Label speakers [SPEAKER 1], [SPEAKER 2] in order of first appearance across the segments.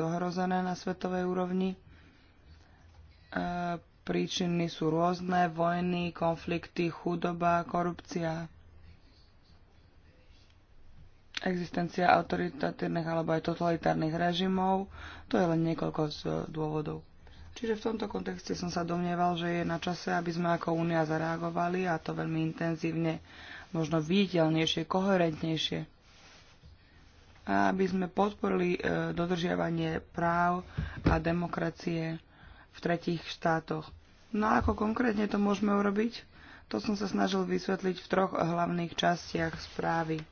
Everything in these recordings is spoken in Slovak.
[SPEAKER 1] takisto ohrozené na svetovej úrovni. E, príčiny sú rôzne, vojny, konflikty, chudoba, korupcia, existencia autoritatívnych alebo aj totalitárnych režimov. To je len niekoľko z dôvodov. Čiže v tomto kontexte som sa domnieval, že je na čase, aby sme ako Únia zareagovali a to veľmi intenzívne, možno viditeľnejšie, koherentnejšie. A aby sme podporili e, dodržiavanie práv a demokracie v tretích štátoch. No a ako konkrétne to môžeme urobiť? To som sa snažil vysvetliť v troch hlavných častiach správy.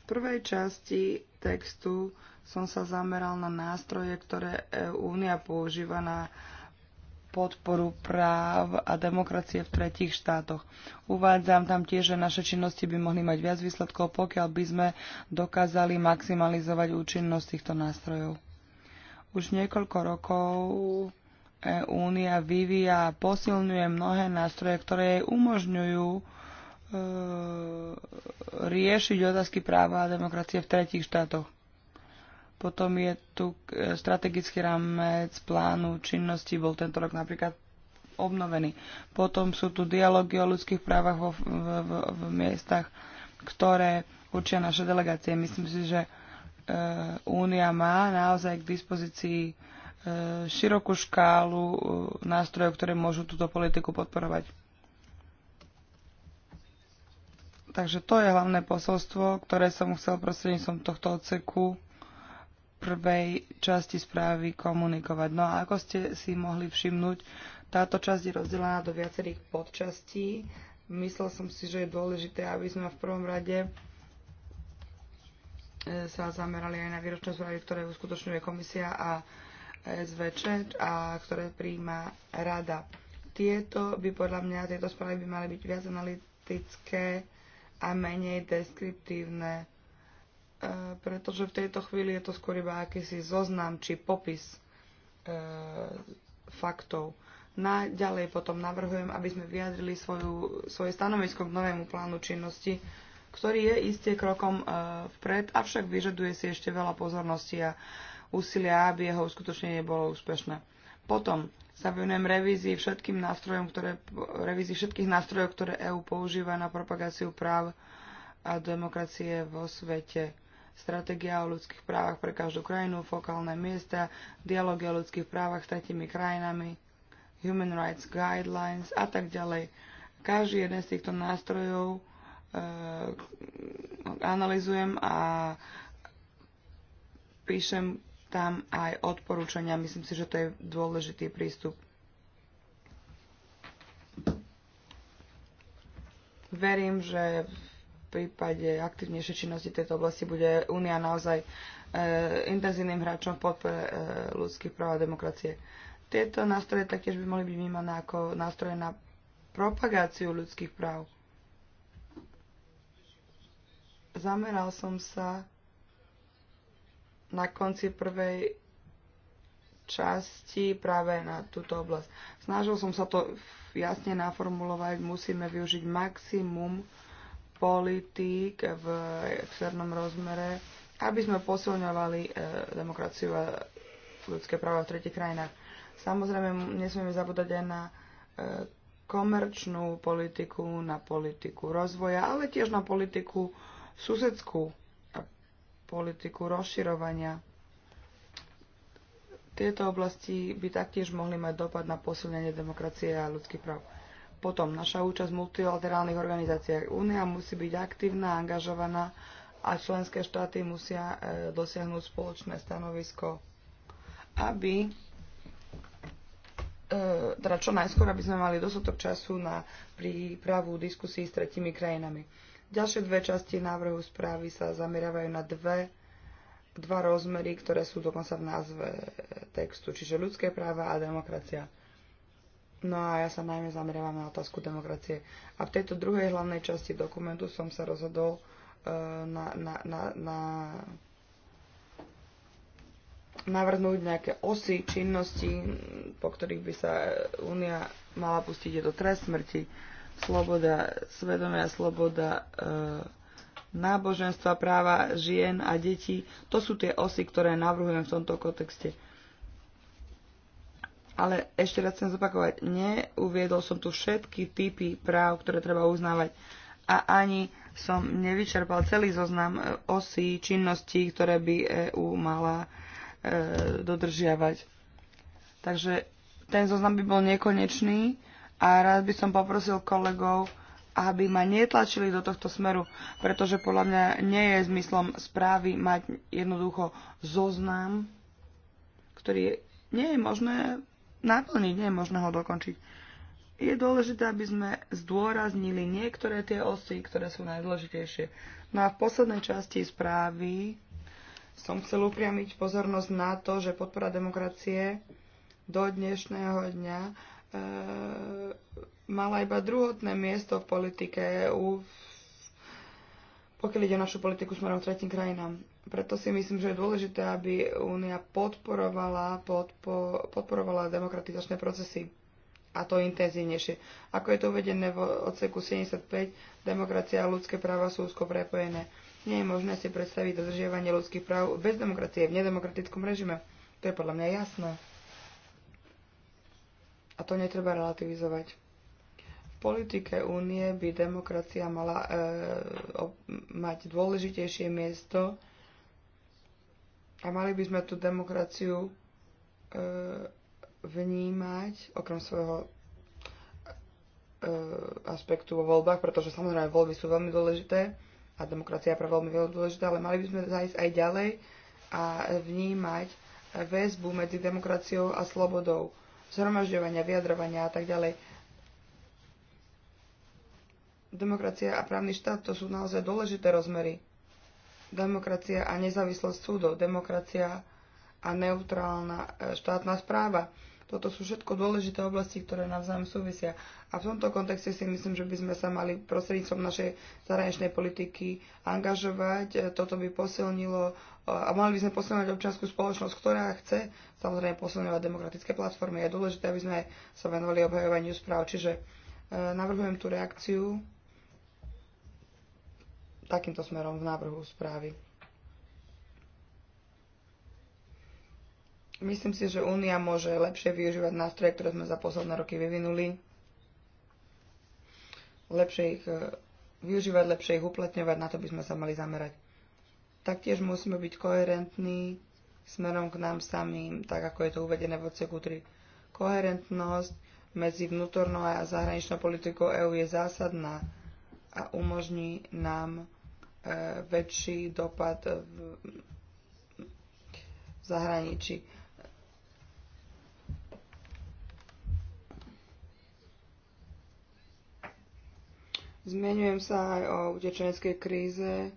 [SPEAKER 1] V prvej časti textu som sa zameral na nástroje, ktoré e Únia používa na podporu práv a demokracie v tretích štátoch. Uvádzam tam tiež, že naše činnosti by mohli mať viac výsledkov, pokiaľ by sme dokázali maximalizovať účinnosť týchto nástrojov. Už niekoľko rokov e- Únia vyvíja a posilňuje mnohé nástroje, ktoré jej umožňujú e, riešiť otázky práva a demokracie v tretích štátoch. Potom je tu e, strategický rámec plánu činnosti, bol tento rok napríklad obnovený. Potom sú tu dialógy o ľudských právach vo, v, v, v miestach, ktoré určia naše delegácie. Myslím si, že e, Únia má naozaj k dispozícii e, širokú škálu e, nástrojov, ktoré môžu túto politiku podporovať. Takže to je hlavné posolstvo, ktoré som chcel prostredníctvom tohto odseku prvej časti správy komunikovať. No a ako ste si mohli všimnúť, táto časť je rozdelená do viacerých podčastí. Myslel som si, že je dôležité, aby sme v prvom rade e, sa zamerali aj na výročné správy, ktoré uskutočňuje komisia a SVČ a ktoré príjma rada. Tieto by podľa mňa, tieto správy by mali byť viac analytické a menej deskriptívne E, pretože v tejto chvíli je to skôr iba akýsi zoznam či popis e, faktov. Naďalej potom navrhujem, aby sme vyjadrili svoju, svoje stanovisko k novému plánu činnosti, ktorý je iste krokom e, vpred, avšak vyžaduje si ešte veľa pozornosti a úsilia, aby jeho uskutočnenie bolo úspešné. Potom sa venujem revízii, všetkým nástrojom, ktoré, revízii všetkých nástrojov, ktoré EÚ používa na propagáciu práv a demokracie vo svete stratégia o ľudských právach pre každú krajinu, fokálne miesta, dialógy o ľudských právach s tretimi krajinami, Human Rights Guidelines a tak ďalej. Každý jeden z týchto nástrojov e, analizujem a píšem tam aj odporúčania. Myslím si, že to je dôležitý prístup. Verím, že v prípade aktívnejšej činnosti tejto oblasti bude Únia naozaj e, intenzívnym hráčom v podpore e, ľudských práv a demokracie. Tieto nástroje taktiež by mohli byť vnímané ako nástroje na propagáciu ľudských práv. Zameral som sa na konci prvej časti práve na túto oblasť. Snažil som sa to jasne naformulovať, musíme využiť maximum politík v externom rozmere, aby sme posilňovali e, demokraciu a ľudské práva v tretich krajinách. Samozrejme, nesmieme zabúdať aj na e, komerčnú politiku, na politiku rozvoja, ale tiež na politiku susedskú a politiku rozširovania. Tieto oblasti by taktiež mohli mať dopad na posilnenie demokracie a ľudských práv. Potom naša účasť v multilaterálnych organizáciách. Únia musí byť aktívna, angažovaná a členské štáty musia e, dosiahnuť spoločné stanovisko, aby e, teda čo najskôr, aby sme mali dostatok času na prípravu diskusí s tretimi krajinami. Ďalšie dve časti návrhu správy sa zameriavajú na dve, dva rozmery, ktoré sú dokonca v názve textu, čiže ľudské práva a demokracia. No a ja sa najmä zameriavam na otázku demokracie. A v tejto druhej hlavnej časti dokumentu som sa rozhodol uh, na, na, na, na navrhnúť nejaké osy činnosti, po ktorých by sa Únia mala pustiť. Je to trest smrti, sloboda svedomia, sloboda uh, náboženstva, práva žien a detí. To sú tie osy, ktoré navrhujem v tomto kontexte. Ale ešte raz chcem zopakovať, neuviedol som tu všetky typy práv, ktoré treba uznávať a ani som nevyčerpal celý zoznam e, osí činností, ktoré by EÚ mala e, dodržiavať. Takže ten zoznam by bol nekonečný a rád by som poprosil kolegov, aby ma netlačili do tohto smeru, pretože podľa mňa nie je zmyslom správy mať jednoducho zoznam, ktorý je nie je možné naplniť, nie je možné ho dokončiť. Je dôležité, aby sme zdôraznili niektoré tie osy, ktoré sú najdôležitejšie. No a v poslednej časti správy som chcel upriamiť pozornosť na to, že podpora demokracie do dnešného dňa e, mala iba druhotné miesto v politike EU, pokiaľ ide o našu politiku smerom tretím krajinám. Preto si myslím, že je dôležité, aby Únia podporovala, podpo, podporovala demokratizačné procesy a to intenzívnejšie. Ako je to uvedené v odseku 75, demokracia a ľudské práva sú úzko prepojené. Nie je možné si predstaviť dodržiavanie ľudských práv bez demokracie v nedemokratickom režime. To je podľa mňa jasné. A to netreba relativizovať. V politike únie by demokracia mala e, o, mať dôležitejšie miesto a mali by sme tú demokraciu e, vnímať, okrem svojho e, aspektu vo voľbách, pretože samozrejme voľby sú veľmi dôležité a demokracia je pre veľmi veľmi dôležitá, ale mali by sme zájsť aj ďalej a vnímať väzbu medzi demokraciou a slobodou, zhromažďovania, vyjadrovania a tak ďalej. Demokracia a právny štát to sú naozaj dôležité rozmery demokracia a nezávislosť súdov, demokracia a neutrálna e, štátna správa. Toto sú všetko dôležité oblasti, ktoré navzájom súvisia. A v tomto kontexte si myslím, že by sme sa mali prostredníctvom našej zahraničnej politiky angažovať. E, Toto by posilnilo e, a mali by sme posilňovať občianskú spoločnosť, ktorá chce samozrejme posilňovať demokratické platformy. Je dôležité, aby sme sa venovali obhajovaniu správ. Čiže navrhujem tú reakciu takýmto smerom v návrhu správy. Myslím si, že Únia môže lepšie využívať nástroje, ktoré sme za posledné roky vyvinuli, lepšie ich e, využívať, lepšie ich uplatňovať, na to by sme sa mali zamerať. Taktiež musíme byť koherentní smerom k nám samým, tak ako je to uvedené v odseku 3. Koherentnosť medzi vnútornou a zahraničnou politikou EÚ je zásadná a umožní nám väčší dopad v zahraničí. Zmienujem sa aj o utečeneckej kríze,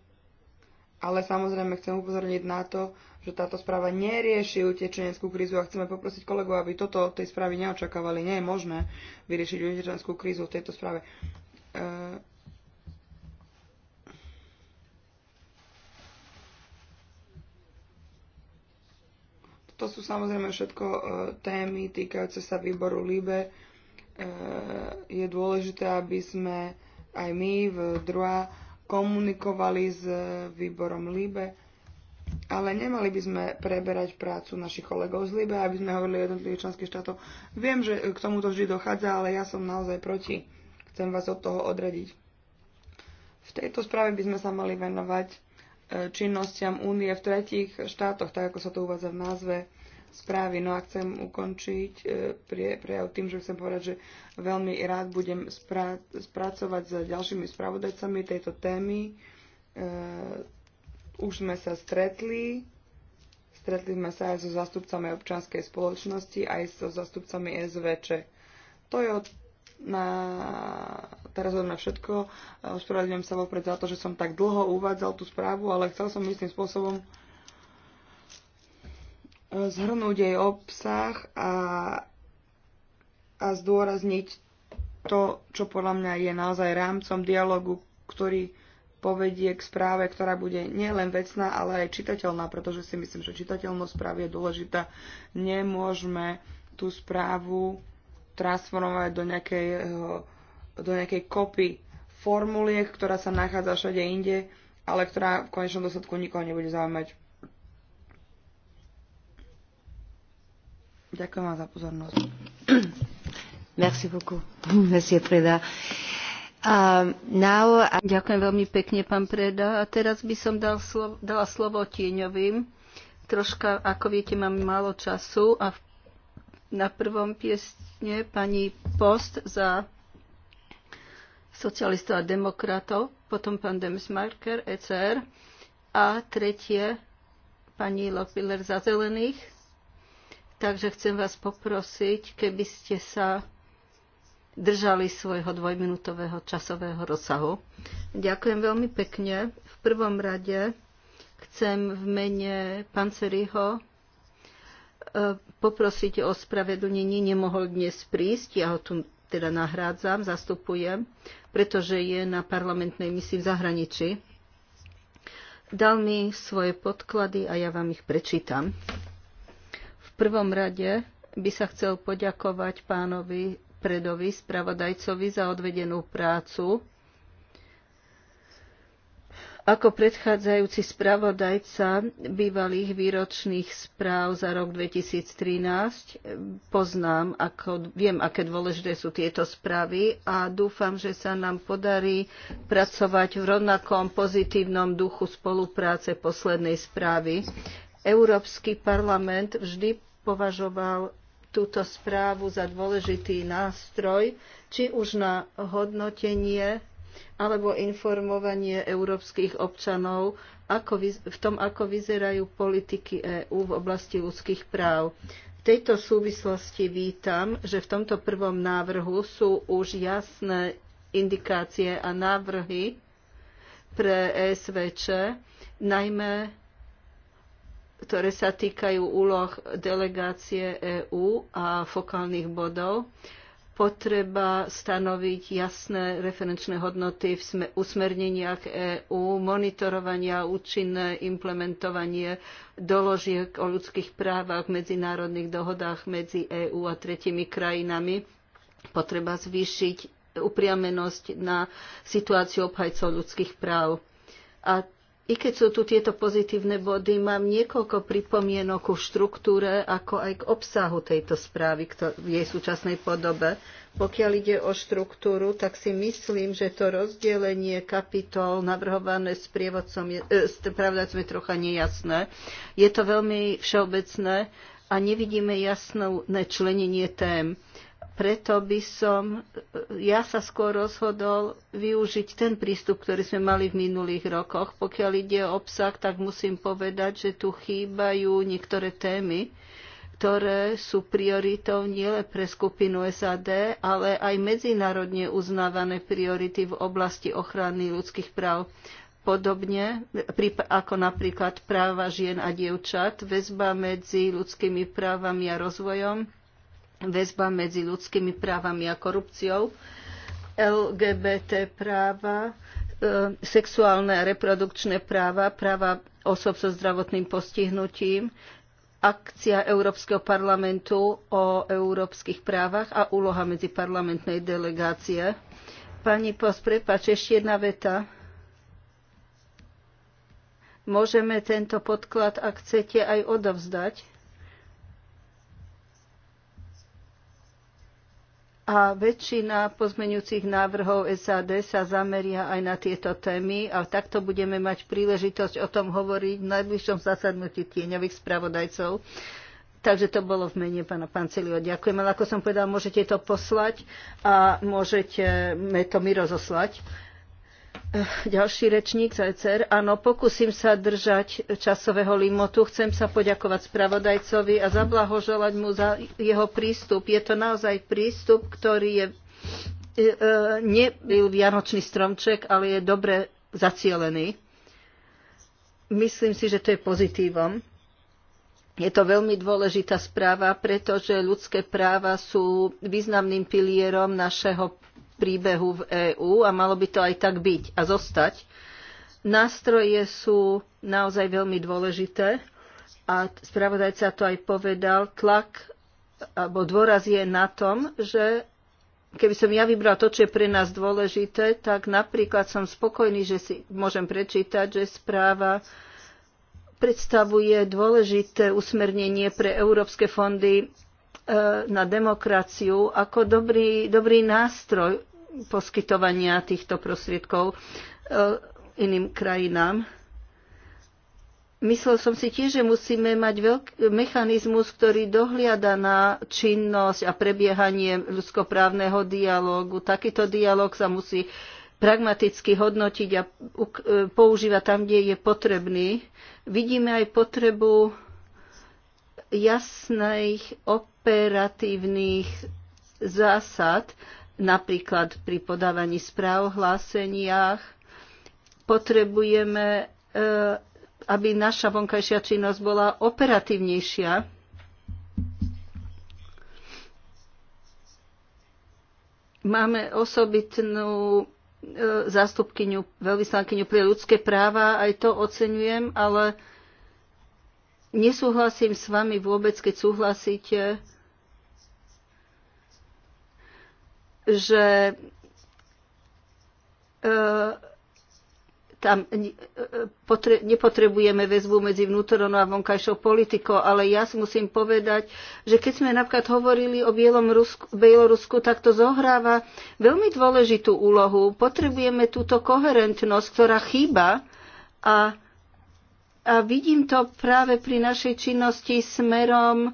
[SPEAKER 1] ale samozrejme chcem upozorniť na to, že táto správa nerieši utečeneckú krízu a chceme poprosiť kolegov, aby toto od tej správy neočakávali. Nie je možné vyriešiť utečeneckú krízu v tejto správe. E To sú samozrejme všetko e, témy týkajúce sa výboru LIBE. E, je dôležité, aby sme aj my v druhá komunikovali s výborom LIBE, ale nemali by sme preberať prácu našich kolegov z LIBE, aby sme hovorili o jednotlivých členských štátov. Viem, že k tomuto vždy dochádza, ale ja som naozaj proti. Chcem vás od toho odradiť. V tejto správe by sme sa mali venovať činnostiam únie v tretích štátoch, tak ako sa to uvádza v názve správy. No a chcem ukončiť e, prejav tým, že chcem povedať, že veľmi rád budem spra- spracovať s ďalšími spravodajcami tejto témy. E, už sme sa stretli, stretli sme sa aj so zastupcami občanskej spoločnosti, aj so zastupcami SVČ. To je na teraz na všetko. Ospravedlňujem sa vopred za to, že som tak dlho uvádzal tú správu, ale chcel som istým spôsobom eh, zhrnúť jej obsah a, a zdôrazniť to, čo podľa mňa je naozaj rámcom dialogu, ktorý povedie k správe, ktorá bude nielen vecná, ale aj čitateľná, pretože si myslím, že čitateľnosť správy je dôležitá. Nemôžeme tú správu transformovať do nejakého eh, do nejakej kopy formuliek, ktorá sa nachádza všade inde, ale ktorá v konečnom dôsledku nikoho nebude zaujímať. Ďakujem vám za pozornosť.
[SPEAKER 2] Merci beaucoup, Merci, Preda. Um, now... Ďakujem veľmi pekne, pán Preda. A teraz by som dal slovo, dala slovo tieňovým. Troška, ako viete, mám málo času a na prvom piesne pani Post za socialistov a demokratov, potom pán Demsmarker, ECR a tretie pani Lopiler za zelených. Takže chcem vás poprosiť, keby ste sa držali svojho dvojminútového časového rozsahu. Ďakujem veľmi pekne. V prvom rade chcem v mene Panceriho e, poprosiť o spravedlnenie. Nemohol dnes prísť, ja ho tu teda nahrádzam, zastupujem, pretože je na parlamentnej misii v zahraničí. Dal mi svoje podklady a ja vám ich prečítam. V prvom rade by sa chcel poďakovať pánovi Predovi, spravodajcovi, za odvedenú prácu ako predchádzajúci spravodajca bývalých výročných správ za rok 2013 poznám, ako, viem, aké dôležité sú tieto správy a dúfam, že sa nám podarí pracovať v rovnakom pozitívnom duchu spolupráce poslednej správy. Európsky parlament vždy považoval túto správu za dôležitý nástroj, či už na hodnotenie alebo informovanie európskych občanov ako, v tom, ako vyzerajú politiky EÚ v oblasti ľudských práv. V tejto súvislosti vítam, že v tomto prvom návrhu sú už jasné indikácie a návrhy pre ESVČ, najmä ktoré sa týkajú úloh delegácie EÚ a fokálnych bodov potreba stanoviť jasné referenčné hodnoty v usmerneniach EÚ, monitorovania a účinné implementovanie doložiek o ľudských právach v medzinárodných dohodách medzi EÚ a tretimi krajinami, potreba zvýšiť upriamenosť na situáciu obhajcov ľudských práv. A i keď sú tu tieto pozitívne body, mám niekoľko pripomienok ku štruktúre, ako aj k obsahu tejto správy v jej súčasnej podobe. Pokiaľ ide o štruktúru, tak si myslím, že to rozdelenie kapitol navrhované s prievodcom je, e, pravdacom je trocha nejasné. Je to veľmi všeobecné a nevidíme jasné členenie tém preto by som e, ja sa skôr rozhodol využiť ten prístup, ktorý sme mali v minulých rokoch. Pokiaľ ide o obsah, tak musím povedať, že tu chýbajú niektoré témy, ktoré sú prioritou nielen pre skupinu SAD, ale aj medzinárodne uznávané priority v oblasti ochrany ľudských práv. Podobne ako napríklad práva žien a dievčat, väzba medzi ľudskými právami a rozvojom, väzba medzi ľudskými právami a korupciou, LGBT práva, e, sexuálne a reprodukčné práva, práva osob so zdravotným postihnutím, akcia Európskeho parlamentu o európskych právach a úloha medziparlamentnej delegácie. Pani Pos, prepáč, ešte jedna veta. Môžeme tento podklad, ak chcete, aj odovzdať. A väčšina pozmeňujúcich návrhov SAD sa zameria aj na tieto témy a takto budeme mať príležitosť o tom hovoriť v najbližšom zasadnutí tieňových spravodajcov. Takže to bolo v mene pána Pancelio. Ďakujem, ale ako som povedal, môžete to poslať a môžete to mi rozoslať. Ďalší rečník Zajcer. Áno, pokúsim sa držať časového limotu. Chcem sa poďakovať spravodajcovi a zablahoželať mu za jeho prístup. Je to naozaj prístup, ktorý je e, e nebyl vianočný stromček, ale je dobre zacielený. Myslím si, že to je pozitívom. Je to veľmi dôležitá správa, pretože ľudské práva sú významným pilierom našeho príbehu v EÚ a malo by to aj tak byť a zostať. Nástroje sú naozaj veľmi dôležité a spravodajca to aj povedal, tlak alebo dôraz je na tom, že keby som ja vybral to, čo je pre nás dôležité, tak napríklad som spokojný, že si môžem prečítať, že správa predstavuje dôležité usmernenie pre európske fondy e, na demokraciu ako dobrý, dobrý nástroj poskytovania týchto prostriedkov e, iným krajinám. Myslel som si tiež, že musíme mať veľký mechanizmus, ktorý dohliada na činnosť a prebiehanie ľudskoprávneho dialógu. Takýto dialóg sa musí pragmaticky hodnotiť a e, používať tam, kde je potrebný. Vidíme aj potrebu jasných operatívnych zásad, napríklad pri podávaní správ, hláseniach. Potrebujeme, e, aby naša vonkajšia činnosť bola operatívnejšia. Máme osobitnú e, zástupkyňu, veľvyslankyňu pre ľudské práva, aj to oceňujem, ale nesúhlasím s vami vôbec, keď súhlasíte že e, tam e, nepotrebujeme väzbu medzi vnútornou a vonkajšou politikou, ale ja si musím povedať, že keď sme napríklad hovorili o Bielom Rusku, Bielorusku, tak to zohráva veľmi dôležitú úlohu. Potrebujeme túto koherentnosť, ktorá chýba a, a vidím to práve pri našej činnosti smerom uh,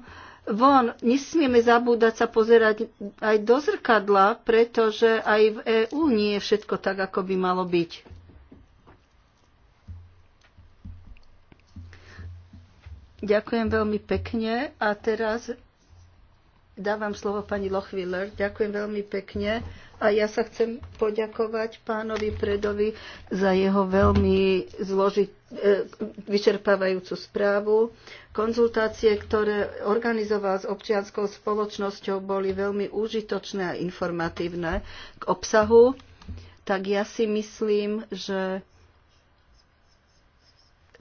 [SPEAKER 2] von. Nesmieme zabúdať sa pozerať aj do zrkadla, pretože aj v EÚ nie je všetko tak, ako by malo byť. Ďakujem veľmi pekne a teraz dávam slovo pani Lochwiller. Ďakujem veľmi pekne. A ja sa chcem poďakovať pánovi Predovi za jeho veľmi zložit, e, vyčerpávajúcu správu. Konzultácie, ktoré organizoval s občianskou spoločnosťou, boli veľmi užitočné a informatívne k obsahu. Tak ja si myslím, že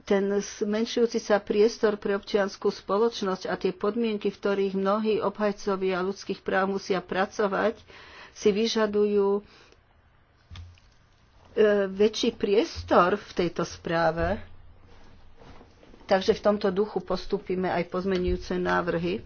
[SPEAKER 2] ten zmenšujúci sa priestor pre občianskú spoločnosť a tie podmienky, v ktorých mnohí obhajcovia ľudských práv musia pracovať, si vyžadujú e, väčší priestor v tejto správe. Takže v tomto duchu postupíme aj pozmenujúce návrhy.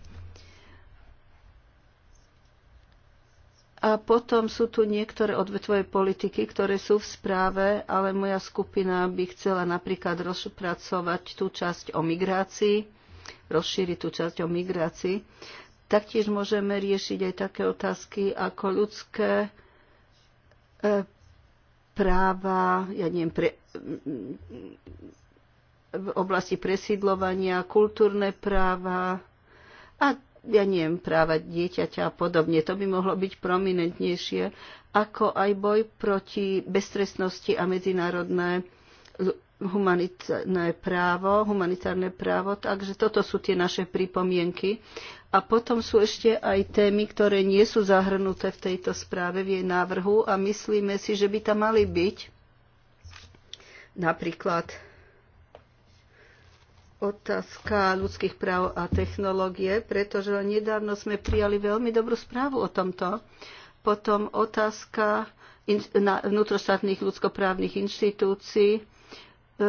[SPEAKER 2] A potom sú tu niektoré odvetvoje politiky, ktoré sú v správe, ale moja skupina by chcela napríklad rozpracovať tú časť o migrácii, rozšíriť tú časť o migrácii. Taktiež môžeme riešiť aj také otázky ako ľudské e, práva, ja neviem, pre, v oblasti presídlovania, kultúrne práva a ja neviem, práva dieťaťa a podobne. To by mohlo byť prominentnejšie, ako aj boj proti bestresnosti a medzinárodné humanitárne právo, humanitárne právo, takže toto sú tie naše pripomienky. A potom sú ešte aj témy, ktoré nie sú zahrnuté v tejto správe, v jej návrhu a myslíme si, že by tam mali byť napríklad otázka ľudských práv a technológie, pretože nedávno sme prijali veľmi dobrú správu o tomto. Potom otázka vnútroštátnych ľudskoprávnych inštitúcií,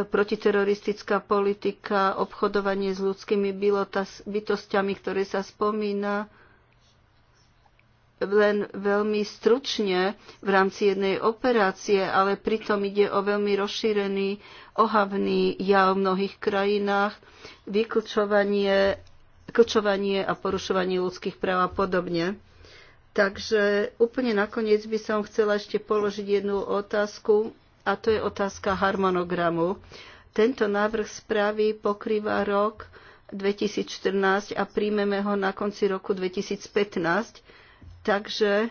[SPEAKER 2] protiteroristická politika, obchodovanie s ľudskými bytostiami, ktoré sa spomína len veľmi stručne v rámci jednej operácie, ale pritom ide o veľmi rozšírený, ohavný jav v mnohých krajinách, vyklčovanie klčovanie a porušovanie ľudských práv a podobne. Takže úplne nakoniec by som chcela ešte položiť jednu otázku a to je otázka harmonogramu. Tento návrh správy pokrýva rok 2014 a príjmeme ho na konci roku 2015, takže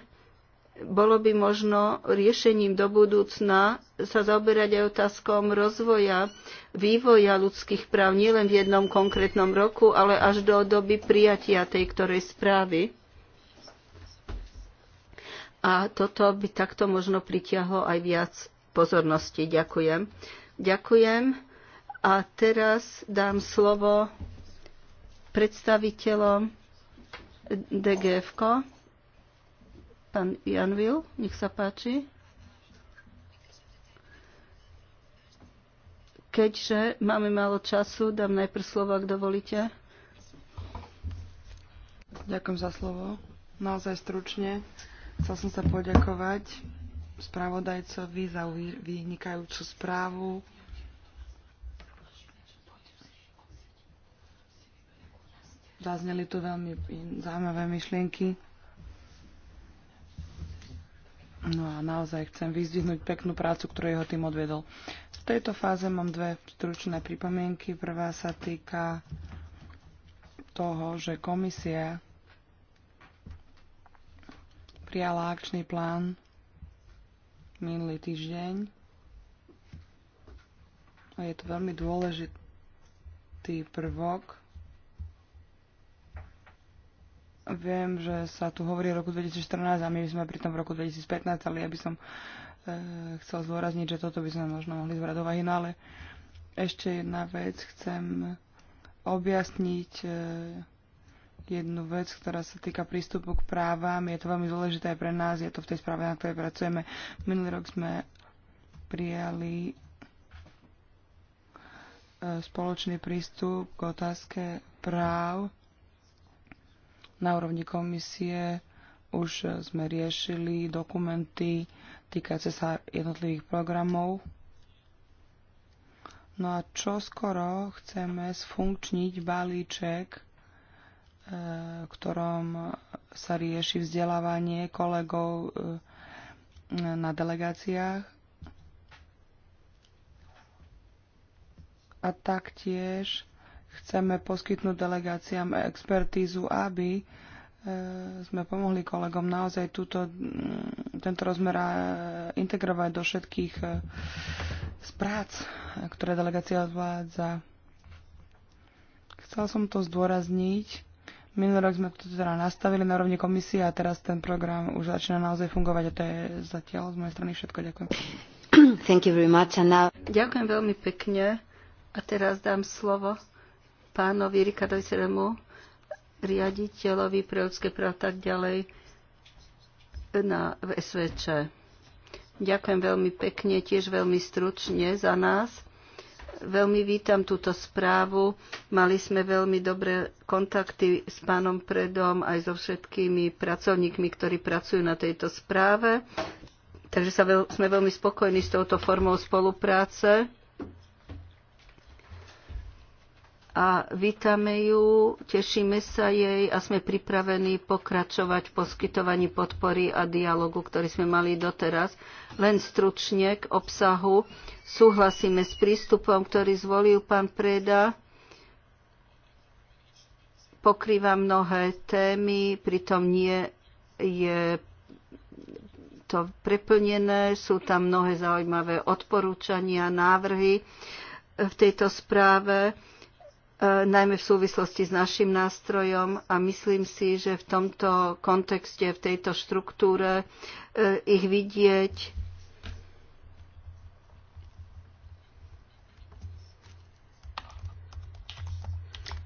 [SPEAKER 2] bolo by možno riešením do budúcna sa zaoberať aj otázkom rozvoja, vývoja ľudských práv nielen v jednom konkrétnom roku, ale až do doby prijatia tej ktorej správy. A toto by takto možno pritiahlo aj viac pozornosti. Ďakujem. Ďakujem. A teraz dám slovo predstaviteľom DGFK. Pán Janvil, nech sa páči. Keďže máme málo času, dám najprv slovo, ak dovolíte.
[SPEAKER 1] Ďakujem za slovo. Naozaj stručne. Chcel som sa poďakovať spravodajcovi za vynikajúcu správu. Zazneli tu veľmi zaujímavé myšlienky. No a naozaj chcem vyzdvihnúť peknú prácu, ktorú jeho tým odvedol. V tejto fáze mám dve stručné pripomienky. Prvá sa týka toho, že komisia prijala akčný plán minulý týždeň. A je to veľmi dôležitý prvok. Viem, že sa tu hovorí o roku 2014 a my sme pri tom v roku 2015, ale ja by som e, chcel zdôrazniť, že toto by sme možno mohli zbrať do vahy. No ale ešte jedna vec chcem objasniť. E, jednu vec, ktorá sa týka prístupu k právam. Je to veľmi dôležité aj pre nás, je to v tej správe, na ktorej pracujeme. Minulý rok sme prijali e, spoločný prístup k otázke práv. Na úrovni komisie už e, sme riešili dokumenty týkajúce sa jednotlivých programov. No a čo skoro chceme sfunkčniť balíček ktorom sa rieši vzdelávanie kolegov eh, na delegáciách. A taktiež chceme poskytnúť delegáciám expertízu, aby eh, sme pomohli kolegom naozaj túto, mm, tento rozmer eh, integrovať do všetkých z prác, ktoré delegácia odvádza. Chcel som to zdôrazniť, Minulý rok sme to teda nastavili na rovni komisie a teraz ten program už začína naozaj fungovať a to je zatiaľ z mojej strany všetko. Ďakujem. Thank you very much. And now...
[SPEAKER 2] Ďakujem veľmi pekne a teraz dám slovo pánovi Rikardovi Seremu, riaditeľovi pre ľudské práva tak ďalej na v SVČ. Ďakujem veľmi pekne, tiež veľmi stručne za nás veľmi vítam túto správu. Mali sme veľmi dobré kontakty s pánom Predom aj so všetkými pracovníkmi, ktorí pracujú na tejto správe. Takže sa veľ, sme veľmi spokojní s touto formou spolupráce a vítame ju, tešíme sa jej a sme pripravení pokračovať v poskytovaní podpory a dialogu, ktorý sme mali doteraz. Len stručne k obsahu súhlasíme s prístupom, ktorý zvolil pán Preda. Pokrýva mnohé témy, pritom nie je to preplnené, sú tam mnohé zaujímavé odporúčania, návrhy v tejto správe E, najmä v súvislosti s našim nástrojom a myslím si, že v tomto kontexte, v tejto štruktúre e, ich vidieť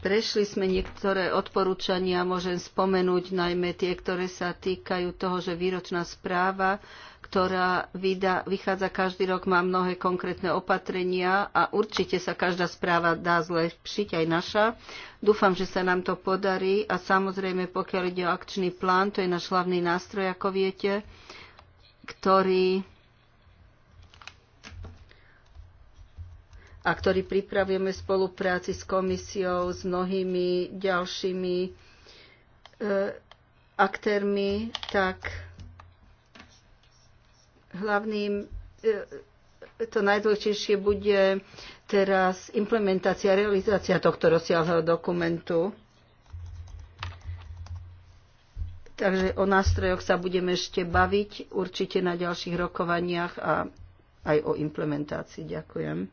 [SPEAKER 2] Prešli sme niektoré odporúčania, môžem spomenúť najmä tie, ktoré sa týkajú toho, že výročná správa ktorá vyda, vychádza každý rok, má mnohé konkrétne opatrenia a určite sa každá správa dá zlepšiť, aj naša. Dúfam, že sa nám to podarí a samozrejme, pokiaľ ide o akčný plán, to je náš hlavný nástroj, ako viete, ktorý a ktorý pripravujeme v spolupráci s komisiou, s mnohými ďalšími e, aktérmi, tak Hlavným e, to najdôležitejšie bude teraz implementácia, realizácia tohto rozsiahleho dokumentu. Takže o nástrojoch sa budeme ešte baviť určite na ďalších rokovaniach a aj o implementácii. Ďakujem.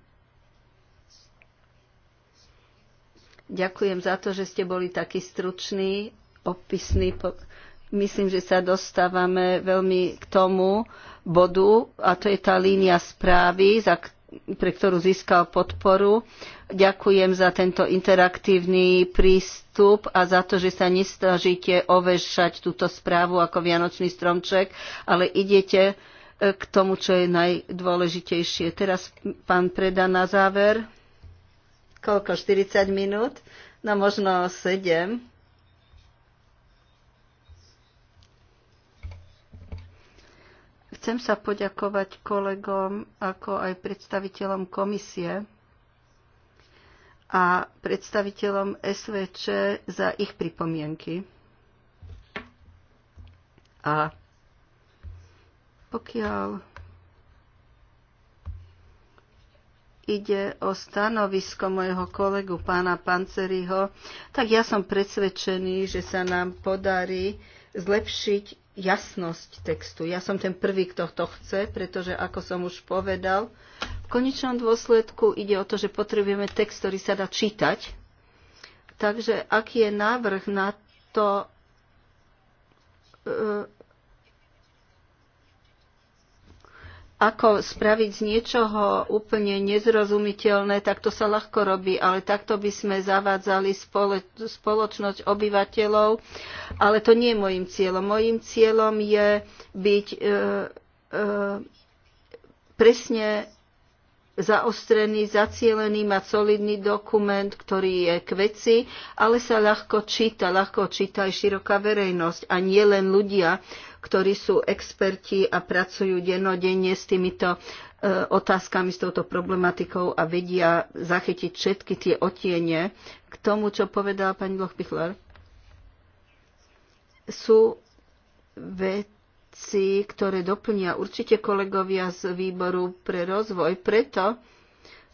[SPEAKER 2] Ďakujem za to, že ste boli takí struční, opisní. Po- Myslím, že sa dostávame veľmi k tomu bodu, a to je tá línia správy, za, pre ktorú získal podporu. Ďakujem za tento interaktívny prístup a za to, že sa nestažíte ovešať túto správu ako Vianočný stromček, ale idete e, k tomu, čo je najdôležitejšie. Teraz pán Preda na záver. Koľko? 40 minút? No možno 7. Chcem sa poďakovať kolegom, ako aj predstaviteľom komisie a predstaviteľom SVČ za ich pripomienky. A pokiaľ ide o stanovisko mojho kolegu pána Panceriho, tak ja som presvedčený, že sa nám podarí zlepšiť jasnosť textu. Ja som ten prvý, kto to chce, pretože ako som už povedal, v konečnom dôsledku ide o to, že potrebujeme text, ktorý sa dá čítať. Takže aký je návrh na to, e, ako spraviť z niečoho úplne nezrozumiteľné, tak to sa ľahko robí, ale takto by sme zavádzali spoločnosť obyvateľov, ale to nie je môjim cieľom. Mojím cieľom je byť e, e, presne zaostrený, zacielený, mať solidný dokument, ktorý je k veci, ale sa ľahko číta, ľahko číta aj široká verejnosť a nie len ľudia, ktorí sú experti a pracujú dennodenne s týmito e, otázkami, s touto problematikou a vedia zachytiť všetky tie otiene. K tomu, čo povedala pani Lochpichler, sú veci, ktoré doplnia určite kolegovia z výboru pre rozvoj. Preto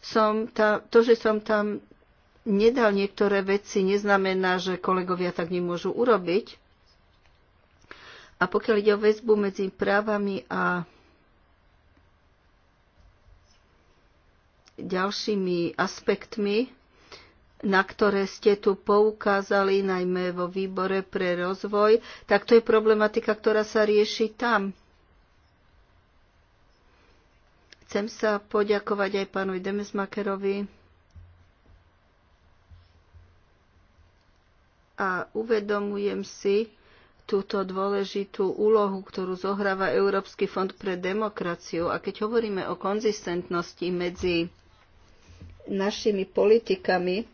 [SPEAKER 2] som tam, to, že som tam nedal niektoré veci, neznamená, že kolegovia tak nemôžu urobiť. A pokiaľ ide o väzbu medzi právami a ďalšími aspektmi, na ktoré ste tu poukázali, najmä vo výbore pre rozvoj, tak to je problematika, ktorá sa rieši tam. Chcem sa poďakovať aj pánu Demesmakerovi a uvedomujem si, túto dôležitú úlohu, ktorú zohráva Európsky fond pre demokraciu. A keď hovoríme o konzistentnosti medzi našimi politikami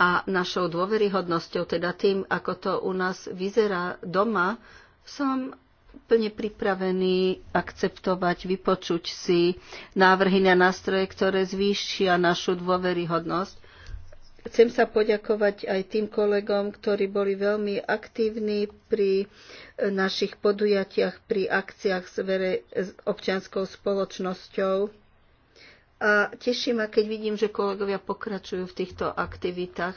[SPEAKER 2] a našou dôveryhodnosťou, teda tým, ako to u nás vyzerá doma, som plne pripravený akceptovať, vypočuť si návrhy na nástroje, ktoré zvýšia našu dôveryhodnosť. Chcem sa poďakovať aj tým kolegom, ktorí boli veľmi aktívni pri e, našich podujatiach, pri akciách s občianskou spoločnosťou a teší ma, keď vidím, že kolegovia pokračujú v týchto aktivitách.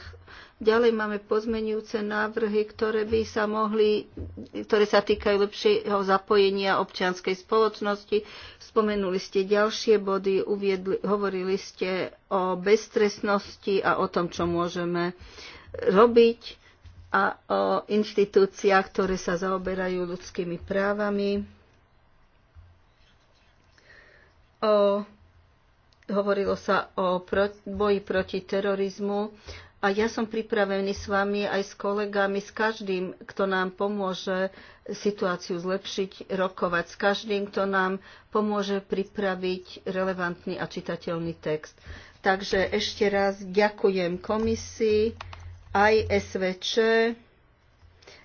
[SPEAKER 2] Ďalej máme pozmenujúce návrhy, ktoré by sa mohli, ktoré sa týkajú lepšieho zapojenia občianskej spoločnosti. Spomenuli ste ďalšie body, uviedli, hovorili ste o beztresnosti a o tom, čo môžeme robiť a o inštitúciách, ktoré sa zaoberajú ľudskými právami. O hovorilo sa o boji proti terorizmu a ja som pripravený s vami aj s kolegami, s každým, kto nám pomôže situáciu zlepšiť, rokovať, s každým, kto nám pomôže pripraviť relevantný a čitateľný text. Takže ešte raz ďakujem komisii, aj SVČ,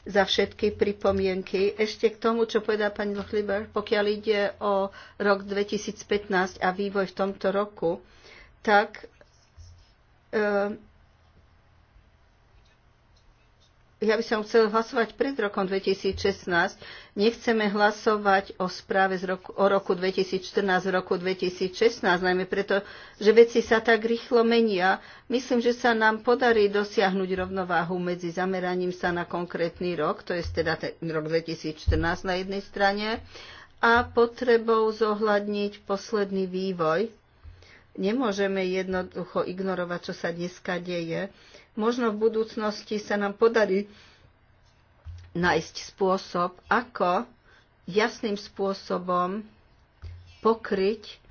[SPEAKER 2] za všetky pripomienky. Ešte k tomu, čo povedal pani Lochliber, pokiaľ ide o rok 2015 a vývoj v tomto roku, tak ja by som chcel hlasovať pred rokom 2016. Nechceme hlasovať o správe z roku, o roku 2014, z roku 2016, najmä preto, že veci sa tak rýchlo menia. Myslím, že sa nám podarí dosiahnuť rovnováhu medzi zameraním sa na konkrétny rok, to je teda ten rok 2014 na jednej strane, a potrebou zohľadniť posledný vývoj. Nemôžeme jednoducho ignorovať, čo sa dneska deje Možno v budúcnosti sa nám podarí nájsť spôsob, ako jasným spôsobom pokryť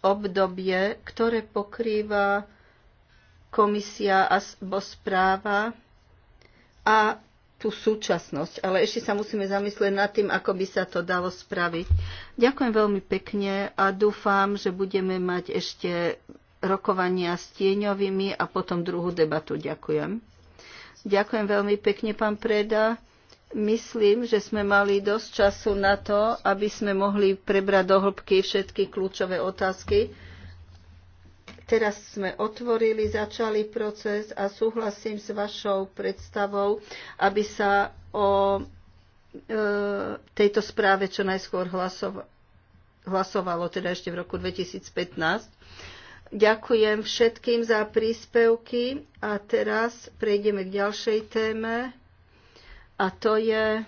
[SPEAKER 2] obdobie, ktoré pokrýva komisia alebo správa a tú súčasnosť. Ale ešte sa musíme zamyslieť nad tým, ako by sa to dalo spraviť. Ďakujem veľmi pekne a dúfam, že budeme mať ešte rokovania s tieňovými a potom druhú debatu. Ďakujem. Ďakujem veľmi pekne, pán Preda. Myslím, že sme mali dosť času na to, aby sme mohli prebrať do hĺbky všetky kľúčové otázky. Teraz sme otvorili, začali proces a súhlasím s vašou predstavou, aby sa o e, tejto správe čo najskôr hlasovalo, hlasovalo, teda ešte v roku 2015 Ďakujem všetkým za príspevky a teraz prejdeme k ďalšej téme a to je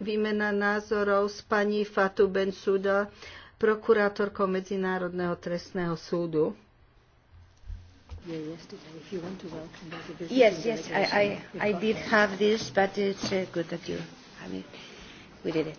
[SPEAKER 2] výmena názorov s pani Fatu Bensuda, prokurátorkou Medzinárodného trestného súdu.
[SPEAKER 3] Yes, yes, I, I, I did have
[SPEAKER 2] this, but it's uh, good that you have it. We did it.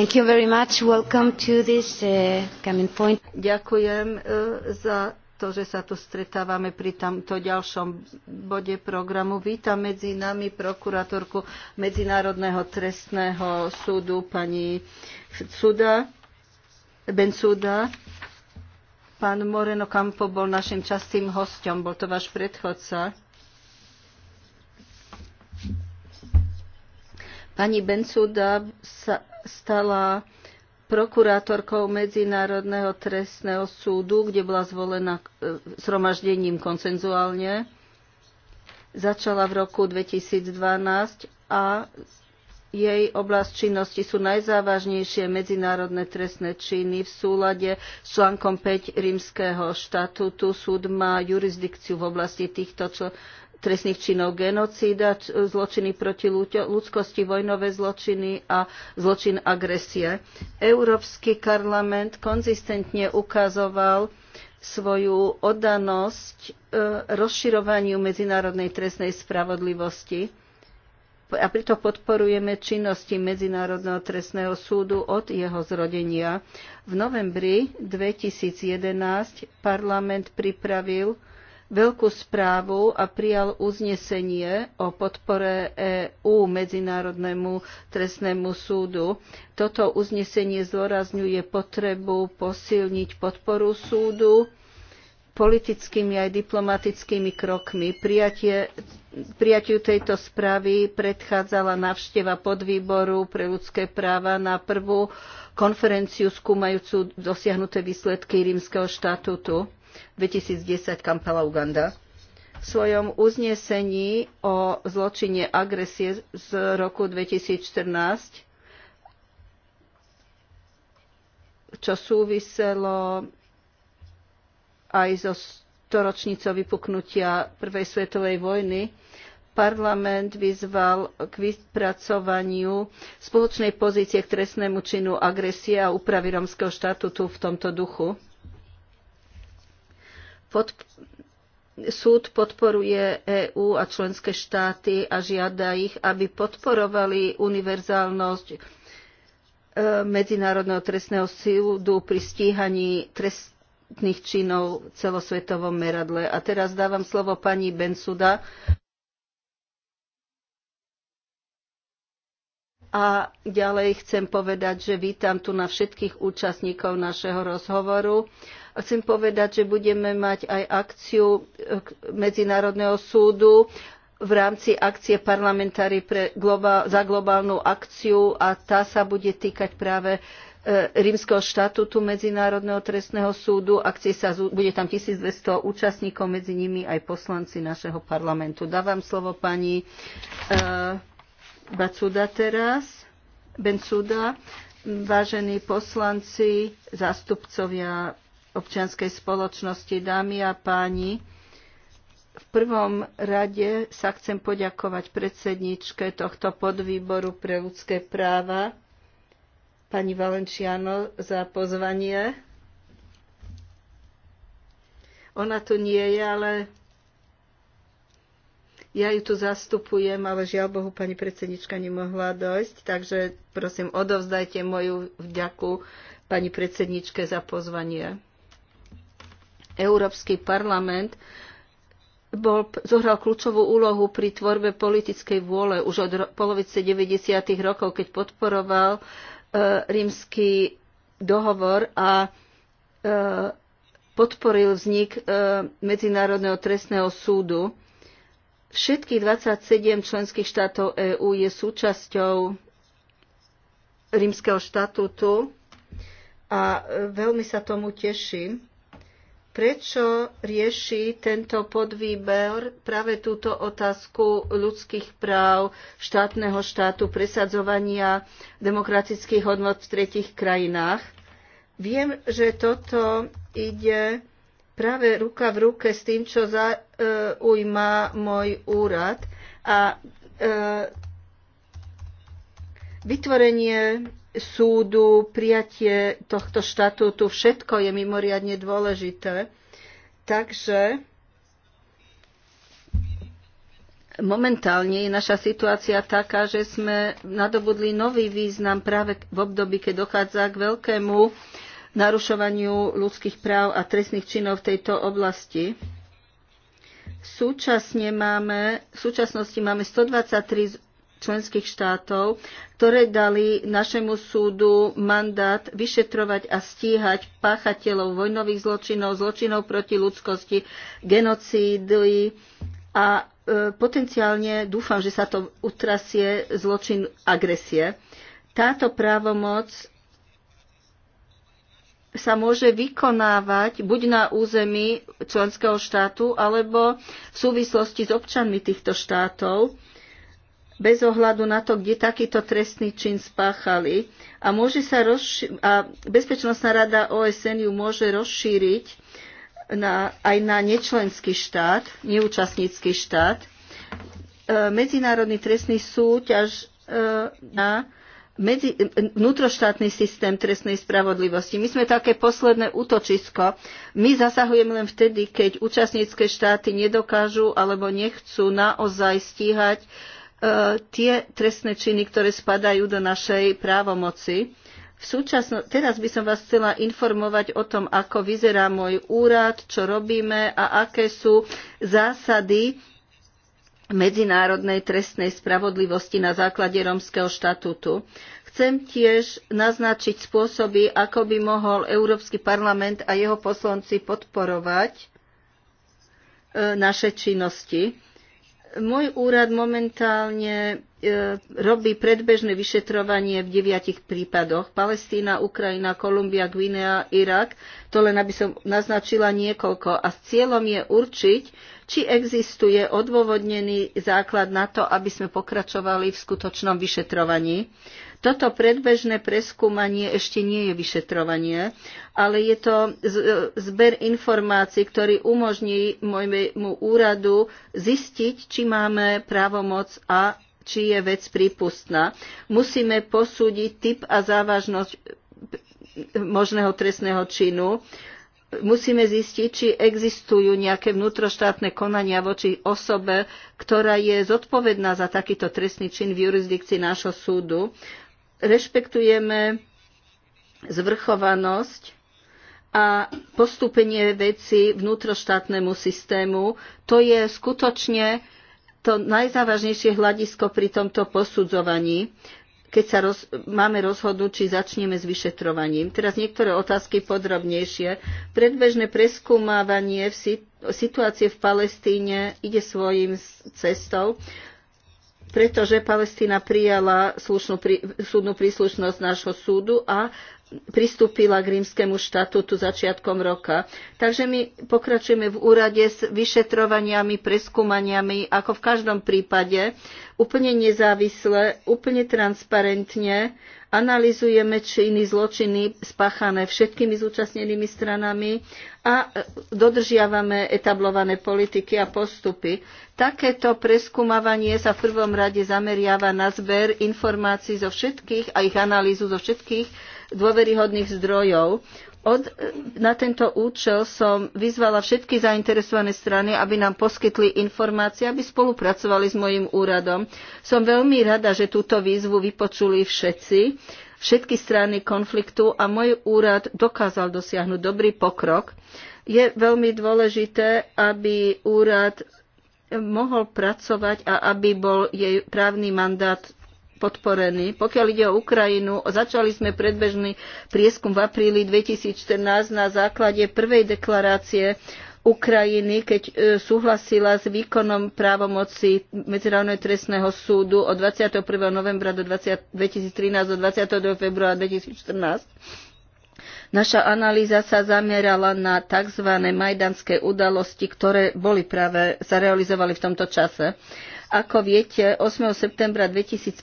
[SPEAKER 2] Thank you very much. Welcome to this uh, coming point. Ďakujem uh, za to, že sa tu stretávame pri tomto ďalšom bode programu. Vítam medzi nami prokurátorku Medzinárodného trestného súdu pani Suda, Ben Suda. Pán Moreno Campo bol našim častým hostom, bol to váš predchodca. Pani Bensuda stala prokurátorkou Medzinárodného trestného súdu, kde bola zvolená e, zhromaždením koncenzuálne. Začala v roku 2012 a jej oblasť činnosti sú najzávažnejšie medzinárodné trestné činy v súlade s článkom 5 rímskeho štatútu. Súd má jurisdikciu v oblasti týchto trestných činov genocída, e, zločiny proti ľudskosti, vojnové zločiny a zločin agresie. Európsky parlament konzistentne ukazoval svoju oddanosť e, rozširovaniu medzinárodnej trestnej spravodlivosti a preto podporujeme činnosti Medzinárodného trestného súdu od jeho zrodenia. V novembri 2011 parlament pripravil veľkú správu a prijal uznesenie o podpore EÚ Medzinárodnému trestnému súdu. Toto uznesenie zdôrazňuje potrebu posilniť podporu súdu politickými aj diplomatickými krokmi. Prijatie, prijatiu tejto správy predchádzala návšteva podvýboru pre ľudské práva na prvú konferenciu skúmajúcu dosiahnuté výsledky rímskeho štatútu 2010 Kampala Uganda. V svojom uznesení o zločine agresie z roku 2014 čo súviselo aj zo storočnicou vypuknutia Prvej svetovej vojny, parlament vyzval k vypracovaniu spoločnej pozície k trestnému činu agresie a úpravy romského štatutu v tomto duchu. Pod, súd podporuje EÚ a členské štáty a žiada ich, aby podporovali univerzálnosť e, Medzinárodného trestného súdu pri stíhaní trestných činov v celosvetovom meradle. A teraz dávam slovo pani Bensuda. A ďalej chcem povedať, že vítam tu na všetkých účastníkov našeho rozhovoru Chcem povedať, že budeme mať aj akciu e, Medzinárodného súdu v rámci akcie parlamentári pre globál, za globálnu akciu a tá sa bude týkať práve e, rímskeho štatútu Medzinárodného trestného súdu. Akcie sa, bude tam 1200 účastníkov, medzi nimi aj poslanci našeho parlamentu. Dávam slovo pani uh, e, Bacuda teraz, Bencuda, vážení poslanci, zástupcovia občianskej spoločnosti, dámy a páni. V prvom rade sa chcem poďakovať predsedničke tohto podvýboru pre ľudské práva, pani Valenciano, za pozvanie. Ona tu nie je, ale ja ju tu zastupujem, ale žiaľ Bohu, pani predsednička nemohla dojsť, takže prosím, odovzdajte moju vďaku pani predsedničke za pozvanie. Európsky parlament bol, zohral kľúčovú úlohu pri tvorbe politickej vôle už od polovice 90. rokov, keď podporoval e, rímsky dohovor a e, podporil vznik e, Medzinárodného trestného súdu. Všetkých 27 členských štátov EÚ je súčasťou rímskeho štatútu a e, veľmi sa tomu teším Prečo rieši tento podvýber práve túto otázku ľudských práv štátneho štátu, presadzovania demokratických hodnot v tretich krajinách? Viem, že toto ide práve ruka v ruke s tým, čo zaujíma môj úrad a e, vytvorenie súdu, prijatie tohto štatútu, všetko je mimoriadne dôležité. Takže momentálne je naša situácia taká, že sme nadobudli nový význam práve v období, keď dochádza k veľkému narušovaniu ľudských práv a trestných činov v tejto oblasti. Súčasne máme, v súčasnosti máme 123 členských štátov, ktoré dali našemu súdu mandát vyšetrovať a stíhať páchateľov vojnových zločinov, zločinov proti ľudskosti, genocídy a e, potenciálne dúfam, že sa to utrasie zločin agresie. Táto právomoc sa môže vykonávať buď na území členského štátu, alebo v súvislosti s občanmi týchto štátov bez ohľadu na to, kde takýto trestný čin spáchali. A, môže sa rozši- a Bezpečnostná rada OSN ju môže rozšíriť na, aj na nečlenský štát, neúčastnícky štát. E, Medzinárodný trestný súd až e, na medzi, e, vnútroštátny systém trestnej spravodlivosti. My sme také posledné útočisko. My zasahujeme len vtedy, keď účastnícke štáty nedokážu alebo nechcú naozaj stíhať uh, tie trestné činy, ktoré spadajú do našej právomoci. V súčasno... Teraz by som vás chcela informovať o tom, ako vyzerá môj úrad, čo robíme a aké sú zásady medzinárodnej trestnej spravodlivosti na základe rómskeho štatútu. Chcem tiež naznačiť spôsoby, ako by mohol Európsky parlament a jeho poslanci podporovať e, naše činnosti. Môj úrad momentálne e, robí predbežné vyšetrovanie v deviatich prípadoch. Palestína, Ukrajina, Kolumbia, Guinea, Irak. To len aby som naznačila niekoľko. A s cieľom je určiť, či existuje odôvodnený základ na to, aby sme pokračovali v skutočnom vyšetrovaní. Toto predbežné preskúmanie ešte nie je vyšetrovanie, ale je to e, zber informácií, ktorý umožní môjmu úradu zistiť, či máme právomoc a či je vec prípustná. Musíme posúdiť typ a závažnosť možného trestného činu, musíme zistiť, či existujú nejaké vnútroštátne konania voči osobe, ktorá je zodpovedná za takýto trestný čin v jurisdikcii nášho súdu rešpektujeme zvrchovanosť a postúpenie veci vnútroštátnemu systému. To je skutočne to najzávažnejšie hľadisko pri tomto posudzovaní, keď sa roz, máme rozhodnúť, či začneme s vyšetrovaním. Teraz niektoré otázky podrobnejšie. Predbežné preskúmávanie v situácie v Palestíne ide svojim cestou pretože Palestína prijala slušnú, prí, súdnu príslušnosť nášho súdu a pristúpila k rímskému štatútu začiatkom roka. Takže my pokračujeme v úrade s vyšetrovaniami, preskúmaniami, ako v každom prípade, úplne nezávisle, úplne transparentne, Analizujeme činy, zločiny spáchané všetkými zúčastnenými stranami a e, dodržiavame etablované politiky a postupy. Takéto preskúmavanie sa v prvom rade zameriava na zber informácií zo všetkých a ich analýzu zo všetkých dôveryhodných zdrojov. Od, na tento účel som vyzvala všetky zainteresované strany, aby nám poskytli informácie, aby spolupracovali s mojim úradom. Som veľmi rada, že túto výzvu vypočuli všetci, všetky strany konfliktu a môj úrad dokázal dosiahnuť dobrý pokrok. Je veľmi dôležité, aby úrad mohol pracovať a aby bol jej právny mandát podporení. Pokiaľ ide o Ukrajinu, začali sme predbežný prieskum v apríli 2014 na základe prvej deklarácie Ukrajiny, keď e, súhlasila s výkonom právomoci Medzinárodného trestného súdu od 21. novembra do 20, 2013 do 20. februára 2014. Naša analýza sa zamerala na tzv. majdanské udalosti, ktoré boli práve, sa realizovali v tomto čase. Ako viete, 8. septembra 2015,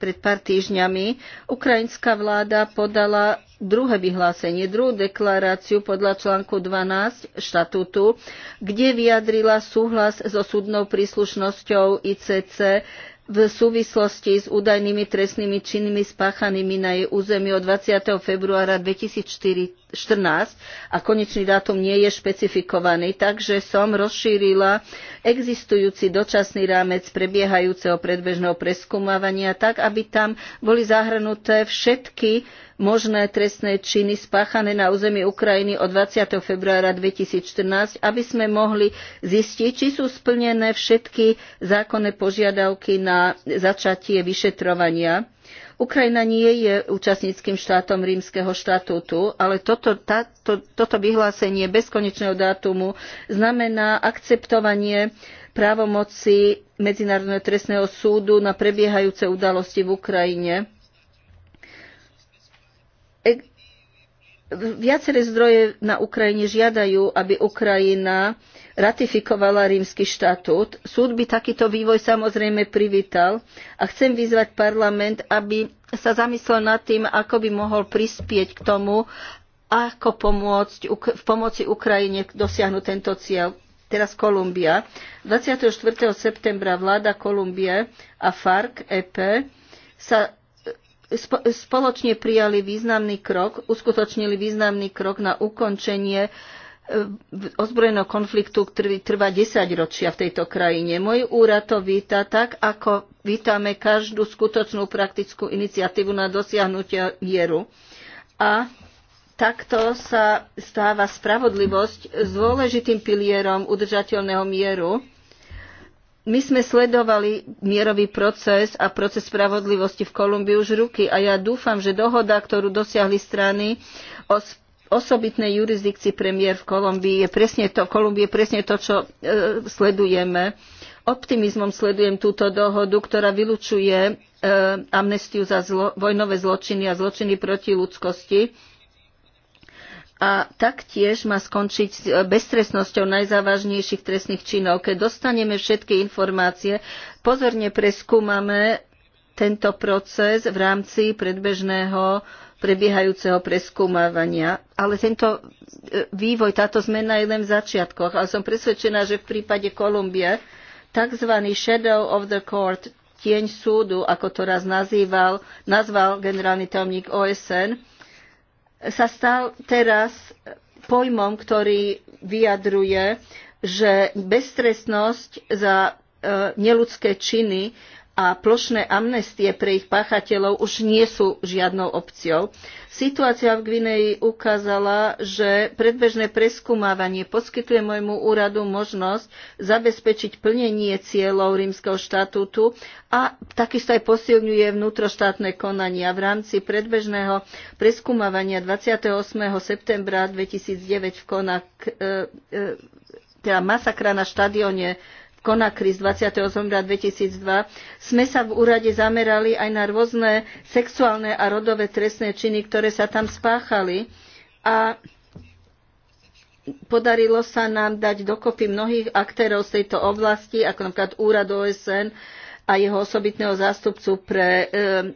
[SPEAKER 2] pred pár týždňami, ukrajinská vláda podala druhé vyhlásenie, druhú deklaráciu podľa článku 12 štatútu, kde vyjadrila súhlas so súdnou príslušnosťou ICC v súvislosti s údajnými trestnými činmi spáchanými na jej území od 20. februára 2014 a konečný dátum nie je špecifikovaný, takže som rozšírila existujúci dočasný rámec prebiehajúceho predbežného preskúmavania tak, aby tam boli zahrnuté všetky možné trestné činy spáchané na území Ukrajiny od 20. februára 2014, aby sme mohli zistiť, či sú splnené všetky zákonné požiadavky na začatie vyšetrovania. Ukrajina nie je účastníckým štátom rímskeho štatútu, ale toto, tá, to, toto vyhlásenie bezkonečného dátumu znamená akceptovanie právomoci Medzinárodného trestného súdu na prebiehajúce udalosti v Ukrajine Viaceré zdroje na Ukrajine žiadajú, aby Ukrajina ratifikovala rímsky štatút. Súd by takýto vývoj samozrejme privítal a chcem vyzvať parlament, aby sa zamyslel nad tým, ako by mohol prispieť k tomu, ako pomôcť, v pomoci Ukrajine dosiahnuť tento cieľ. Teraz Kolumbia. 24. septembra vláda Kolumbie a FARC EP sa spoločne prijali významný krok, uskutočnili významný krok na ukončenie e, ozbrojeného konfliktu, ktorý trvá 10 ročia v tejto krajine. Môj úrad to víta tak, ako vítame každú skutočnú praktickú iniciatívu na dosiahnutie mieru. A takto sa stáva spravodlivosť s dôležitým pilierom udržateľného mieru my sme sledovali mierový proces a proces spravodlivosti v Kolumbii už ruky a ja dúfam, že dohoda, ktorú dosiahli strany o osobitnej jurisdikcii premiér v Kolumbii je presne to, Kolumbii je presne to, čo e, sledujeme. Optimizmom sledujem túto dohodu, ktorá vylučuje e, amnestiu za zlo, vojnové zločiny a zločiny proti ľudskosti a taktiež má skončiť s e, beztresnosťou najzávažnejších trestných činov. Keď dostaneme všetky informácie, pozorne preskúmame tento proces v rámci predbežného prebiehajúceho preskúmavania. Ale tento e, vývoj, táto zmena je len v začiatkoch. Ale som presvedčená, že v prípade Kolumbie tzv. shadow of the court, tieň súdu, ako to raz nazýval, nazval generálny tajomník OSN, sa stal teraz pojmom, ktorý vyjadruje, že beztrestnosť za e, neludské činy a plošné amnestie pre ich páchateľov už nie sú žiadnou opciou. Situácia v Gvineji ukázala, že predbežné preskumávanie poskytuje môjmu úradu možnosť zabezpečiť plnenie cieľov rímskeho štatútu a takisto aj posilňuje vnútroštátne konania. V rámci predbežného preskumávania 28. septembra 2009 v Konak, e, e, teda masakra na štadióne z 20. oktobra 2002, sme sa v úrade zamerali aj na rôzne sexuálne a rodové trestné činy, ktoré sa tam spáchali a podarilo sa nám dať dokopy mnohých aktérov z tejto oblasti, ako napríklad úrad OSN a jeho osobitného zástupcu pre e,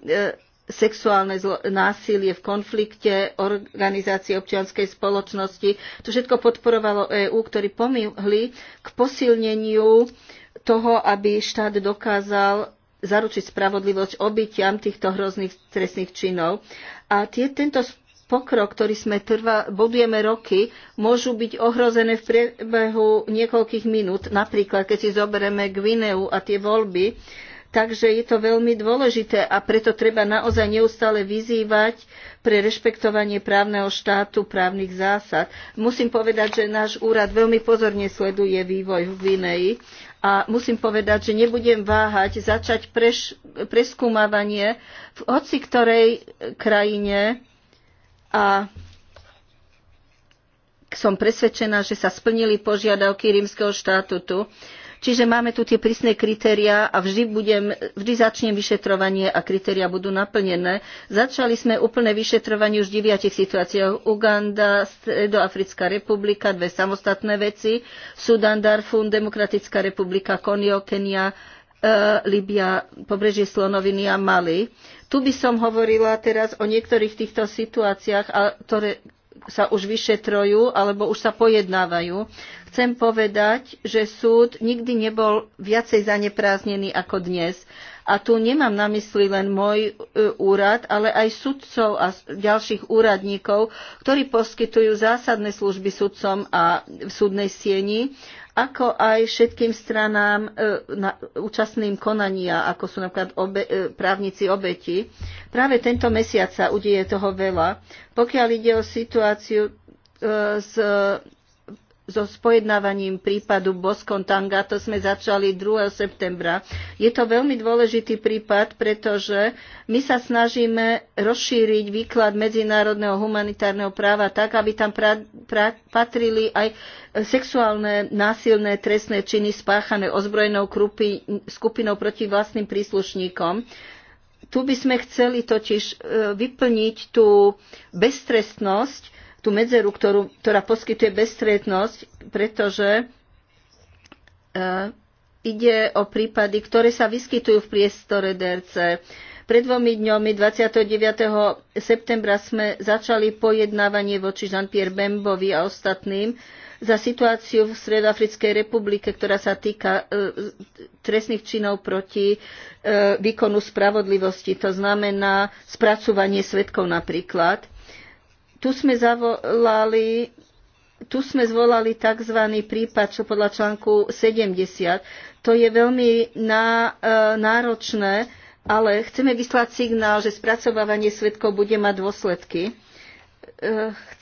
[SPEAKER 2] e, sexuálne zlo- násilie v konflikte, organizácie občianskej spoločnosti. To všetko podporovalo EÚ, ktorí pomohli k posilneniu toho, aby štát dokázal zaručiť spravodlivosť obytiam týchto hrozných trestných činov. A tie, tento pokrok, ktorý sme trva, budujeme roky, môžu byť ohrozené v priebehu niekoľkých minút. Napríklad, keď si zoberieme Gvineu a tie voľby, Takže je to veľmi dôležité a preto treba naozaj neustále vyzývať pre rešpektovanie právneho štátu, právnych zásad. Musím povedať, že náš úrad veľmi pozorne sleduje vývoj v Gvineji a musím povedať, že nebudem váhať začať preš- preskúmavanie v hoci ktorej krajine a som presvedčená, že sa splnili požiadavky rímskeho štátu. tu Čiže máme tu tie prísne kritériá a vždy, budem, vždy začnem vyšetrovanie a kritériá budú naplnené. Začali sme úplné vyšetrovanie už v deviatich situáciách. Uganda, Stredoafrická republika, dve samostatné veci, Sudan, Darfur, Demokratická republika, Konio, Kenia, e, Libia, pobrežie Slonoviny a Mali. Tu by som hovorila teraz o niektorých týchto situáciách, ktoré sa už vyšetrujú alebo už sa pojednávajú. Chcem povedať, že súd nikdy nebol viacej zanepráznený ako dnes. A tu nemám na mysli len môj e, úrad, ale aj sudcov a ďalších úradníkov, ktorí poskytujú zásadné služby sudcom a v súdnej sieni ako aj všetkým stranám e, na, účastným konania, ako sú napríklad obe, e, právnici obeti. Práve tento mesiac sa udieje toho veľa. Pokiaľ ide o situáciu e, s so spojednávaním prípadu Boskon Tanga, to sme začali 2. septembra. Je to veľmi dôležitý prípad, pretože my sa snažíme rozšíriť výklad medzinárodného humanitárneho práva tak, aby tam pra, pra, patrili aj sexuálne násilné trestné činy spáchané ozbrojenou krupi, skupinou proti vlastným príslušníkom. Tu by sme chceli totiž e, vyplniť tú beztrestnosť, tú medzeru, ktorú, ktorá poskytuje bezstretnosť, pretože e, ide o prípady, ktoré sa vyskytujú v priestore DRC. Pred dvomi dňomi 29. septembra sme začali pojednávanie voči Jean-Pierre Bembovi a ostatným za situáciu v Stredoafrickej republike, ktorá sa týka e, trestných činov proti e, výkonu spravodlivosti, to znamená spracovanie svetkov napríklad. Tu sme zavolali tu sme zvolali tzv. prípad, čo podľa článku 70. To je veľmi ná, e, náročné, ale chceme vyslať signál, že spracovávanie svetkov bude mať dôsledky. E,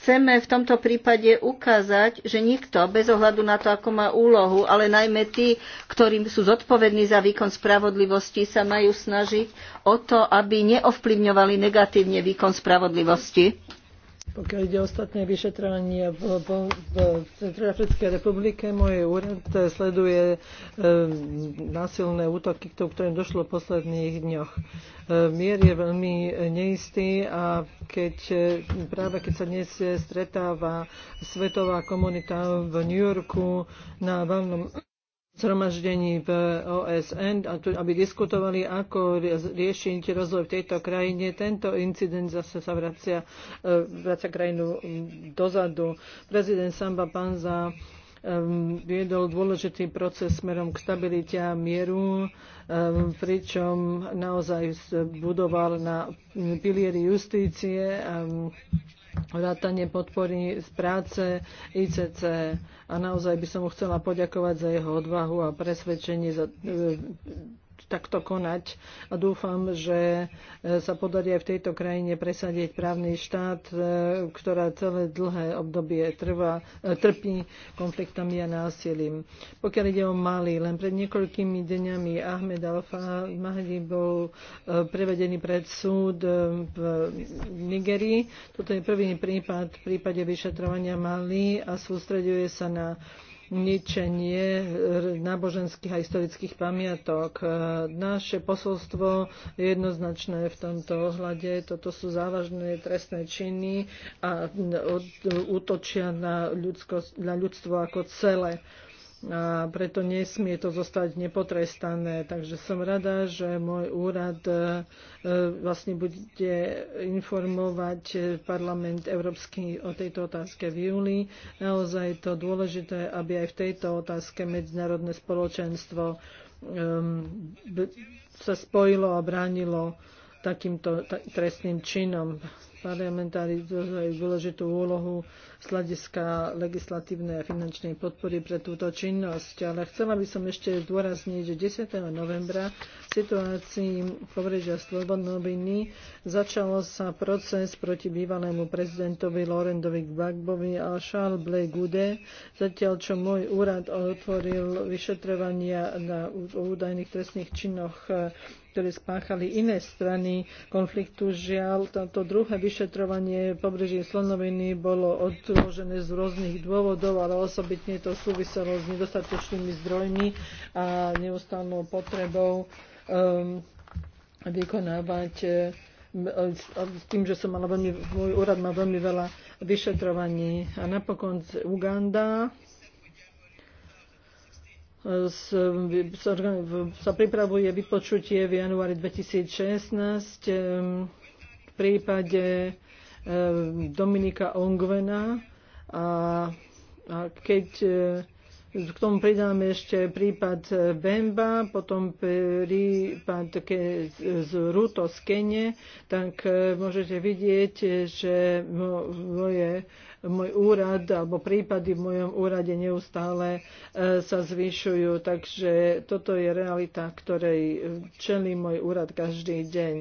[SPEAKER 2] chceme v tomto prípade ukázať, že nikto, bez ohľadu na to, ako má úlohu, ale najmä tí, ktorým sú zodpovední za výkon spravodlivosti, sa majú snažiť o to, aby neovplyvňovali negatívne výkon spravodlivosti
[SPEAKER 3] pokiaľ ide o ostatné vyšetrovanie v, v, v Centroafrickej republike, môj úrad sleduje e, násilné útoky, ktorým došlo v posledných dňoch. E, mier je veľmi neistý a keď, e, práve keď sa dnes stretáva svetová komunita v New Yorku na veľnom zhromaždení v OSN, aby diskutovali, ako riešiť rozvoj v tejto krajine. Tento incident zase sa vracia, e, vracia krajinu dozadu. Prezident Samba Panza e, viedol dôležitý proces smerom k stabilite a mieru, e, pričom naozaj budoval na pilieri justície a vrátanie podpory z práce ICC. A naozaj by som mu chcela poďakovať za jeho odvahu a presvedčenie za e, takto konať a dúfam, že e, sa podarí aj v tejto krajine presadiť právny štát, e, ktorá celé dlhé obdobie trvá, e, trpí konfliktami a násilím. Pokiaľ ide o Mali, len pred niekoľkými deňami Ahmed Alfa Mahdi bol prevedený pred súd v Nigerii. Toto je prvý prípad v prípade vyšetrovania Mali a sústreďuje sa na ničenie eh, náboženských a historických pamiatok. Eh, naše posolstvo je jednoznačné v tomto ohľade. Toto sú závažné trestné činy a mm, útočia na, ľudsko, na ľudstvo ako celé a preto nesmie to zostať nepotrestané. Takže som rada, že môj úrad e, e, vlastne bude informovať e, parlament európsky o tejto otázke v júli. Naozaj je to dôležité, aby aj v tejto otázke medzinárodné spoločenstvo sa spojilo a bránilo takýmto trestným činom. Parlamentári zohrajú dôležitú úlohu z hľadiska legislatívnej a finančnej podpory pre túto činnosť. Ale chcela by som ešte zdôrazniť, že 10. novembra v situácii povrežia Slobodnoviny začalo sa proces proti bývalému prezidentovi Lorendovi Gbagbovi a Charles Blake Gude, zatiaľ čo môj úrad otvoril vyšetrovania na údajných trestných činoch ktoré spáchali iné strany konfliktu. Žiaľ, toto druhé vyšetrovanie vyšetrovanie pobreží Slonoviny bolo odložené z rôznych dôvodov, ale osobitne to súviselo s nedostatočnými zdrojmi a neustálnou potrebou um, vykonávať ehm, s tým, že som mala veľmi, môj úrad má veľmi veľa vyšetrovaní. A napokon Uganda ehm, sa pripravuje vypočutie v januári 2016 prípade eh, Dominika Ongvena a, a keď eh, k tomu pridáme ešte prípad eh, Bemba, potom prípad z Ruto z Kene, tak môžete vidieť, že moje, môj úrad alebo prípady v mojom úrade neustále sa zvyšujú. Takže toto je realita, ktorej čelí môj úrad každý deň.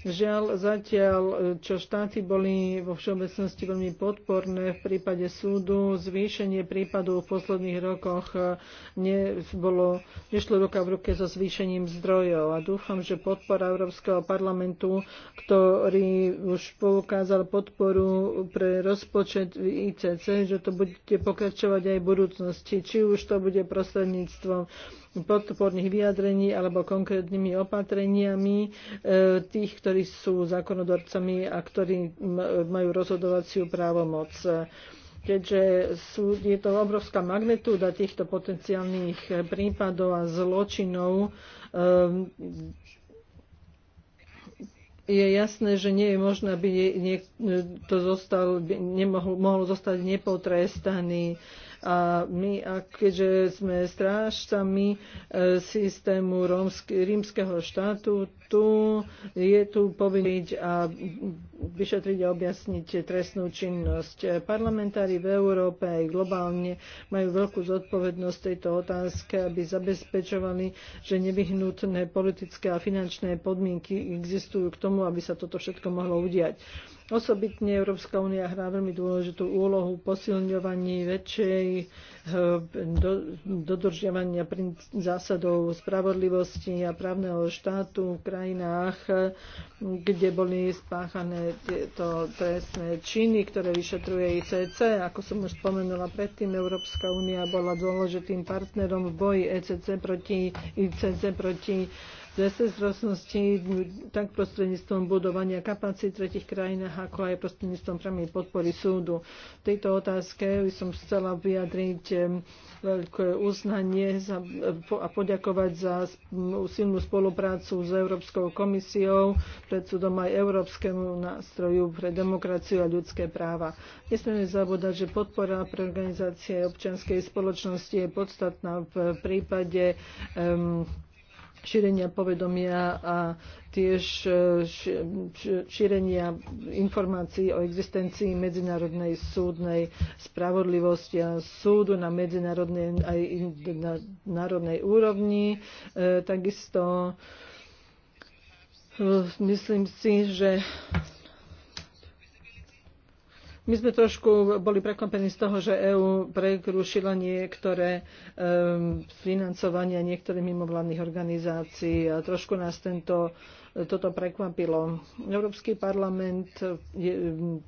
[SPEAKER 3] Žiaľ, zatiaľ, e, čo štáty boli vo všeobecnosti veľmi podporné v prípade súdu, zvýšenie prípadov v posledných rokoch e, ne, bolo, nešlo ruka v ruke so zvýšením zdrojov. A dúfam, že podpora Európskeho parlamentu, ktorý už poukázal podporu pre rozpočet ICC, že to budete pokračovať aj v budúcnosti. Či už to bude prostredníctvom podporných vyjadrení alebo konkrétnymi opatreniami e, tých, ktorí sú zákonodorcami a ktorí majú rozhodovaciu právomoc keďže sú, je to obrovská magnitúda týchto potenciálnych prípadov a zločinov, e, je jasné, že nie je možné, aby nie, to zostal, nemohol, mohol zostať nepotrestaný. Uh, a my, a keďže sme strážcami e, systému rómsky, rímskeho štátu, tu je tu povinniť a vyšetriť a objasniť trestnú činnosť. Parlamentári v Európe aj globálne majú veľkú zodpovednosť tejto otázke, aby zabezpečovali, že nevyhnutné politické a finančné podmienky existujú k tomu, aby sa toto všetko mohlo udiať. Osobitne Európska únia hrá veľmi dôležitú úlohu posilňovaní väčšej eh, do, dodržiavania zásadov spravodlivosti a právneho štátu v krajinách, kde boli spáchané tieto trestné činy, ktoré vyšetruje ICC. Ako som už spomenula predtým, Európska únia bola dôležitým partnerom v boji ECC proti, ICC proti zesezrostnosti tak prostredníctvom budovania kapacít v tretich krajinách, ako aj prostredníctvom priamej podpory súdu. V tejto otázke by som chcela vyjadriť veľké uznanie za, a poďakovať za silnú spoluprácu s Európskou komisiou, pred súdom aj Európskemu nástroju pre demokraciu a ľudské práva. Nesmieme zabúdať, že podpora pre organizácie občianskej spoločnosti je podstatná v prípade um, šírenia povedomia a tiež e, šírenia informácií o existencii medzinárodnej súdnej spravodlivosti a súdu na medzinárodnej aj na národnej úrovni. E, takisto e, myslím si, že my sme trošku boli prekvapení z toho, že EÚ prekrušila niektoré um, financovania niektorých mimovládnych organizácií a trošku nás tento toto prekvapilo. Európsky parlament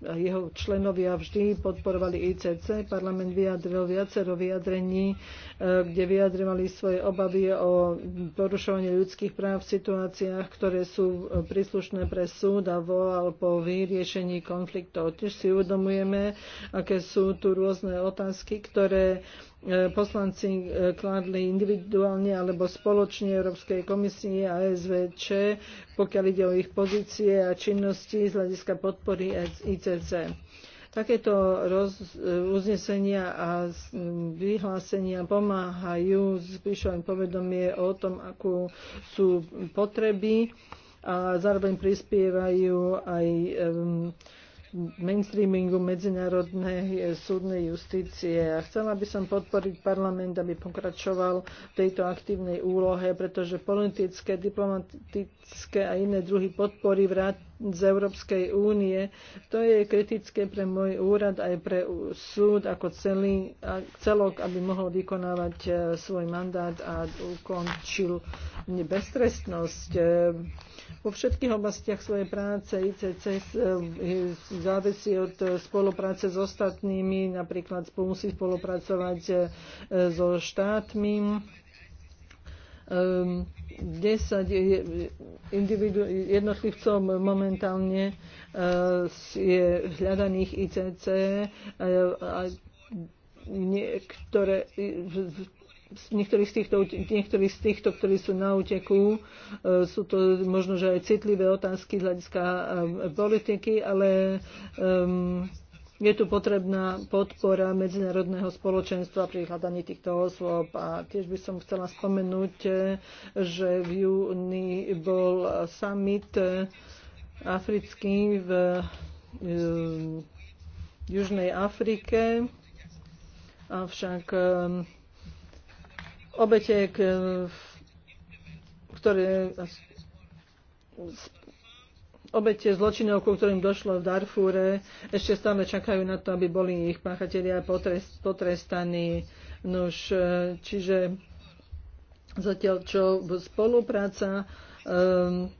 [SPEAKER 3] a jeho členovia vždy podporovali ICC. Parlament vyjadril viacero vyjadrení, e, kde vyjadrovali svoje obavy o porušovanie ľudských práv v situáciách, ktoré sú e, príslušné pre súd a volal po vyriešení konfliktov. Tiež si uvedomujeme, aké sú tu rôzne otázky, ktoré E, poslanci e, kladli individuálne alebo spoločne Európskej komisie a SVČ, pokiaľ ide o ich pozície a činnosti z hľadiska podpory ICC. Takéto roz, uznesenia a vyhlásenia pomáhajú zvyšovať povedomie o tom, akú sú potreby a zároveň prispievajú aj um, mainstreamingu medzinárodnej eh, súdnej justície. A chcela by som podporiť parlament, aby pokračoval v tejto aktívnej úlohe, pretože politické, diplomatické a iné druhy podpory vrát z Európskej únie. To je kritické pre môj úrad aj pre súd ako celý, celok, aby mohol vykonávať e, svoj mandát a ukončil beztrestnosť. E, vo všetkých oblastiach svojej práce ICC e, závisí od spolupráce s ostatnými, napríklad musí spolupracovať so štátmi 10 ehm, individu- jednotlivcov momentálne eh, je hľadaných ICC eh, a niektoré niektorí z týchto, niektorí z týchto, ktorí sú na úteku, eh, sú to možno, že aj citlivé otázky z hľadiska politiky, ale um, je tu potrebná podpora medzinárodného spoločenstva pri hľadaní týchto osôb a tiež by som chcela spomenúť, že v júni bol summit africký v eh, Južnej Afrike, avšak eh, obete, eh, ktoré obete zločinov, ku ktorým došlo v Darfúre, ešte stále čakajú na to, aby boli ich páchatelia potrest, potrestaní. Nož, e, čiže zatiaľ čo spolupráca um,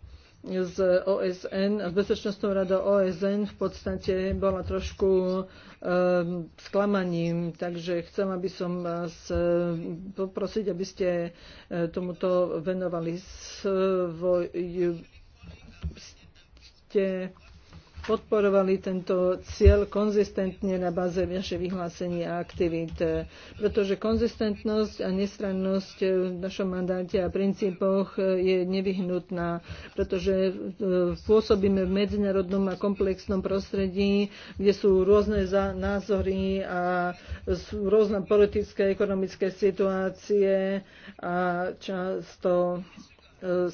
[SPEAKER 3] ehm, z OSN, s Bezpečnostnou radou OSN v podstate bola trošku um, sklamaním, takže chcem, aby som vás e, poprosiť, aby ste e, tomuto venovali svoj ste podporovali tento cieľ konzistentne na báze vaše vyhlásení a aktivít, pretože konzistentnosť a nestrannosť v našom mandáte a princípoch je nevyhnutná, pretože e, pôsobíme v medzinárodnom a komplexnom prostredí, kde sú rôzne názory a sú rôzne politické, a ekonomické situácie a často e,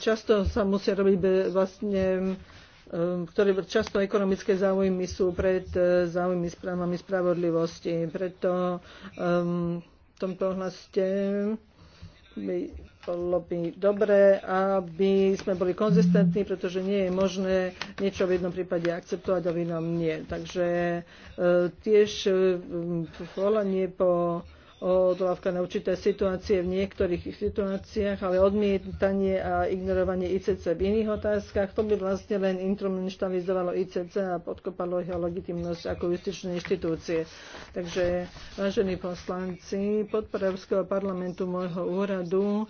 [SPEAKER 3] často sa musia robiť vlastne um, ktoré často ekonomické záujmy sú pred eh, záujmy správami spravodlivosti. Preto um, v tomto hlaste by bolo by dobré, aby sme boli konzistentní, pretože nie je možné niečo v jednom prípade akceptovať a v inom nie. Takže uh, tiež e, volanie po odvolávka na určité situácie v niektorých situáciách, ale odmietanie a ignorovanie ICC v iných otázkach, to by vlastne len instrumentalizovalo ICC a podkopalo jeho legitimnosť ako justičné inštitúcie. Takže, vážení poslanci, podpora Európskeho parlamentu môjho úradu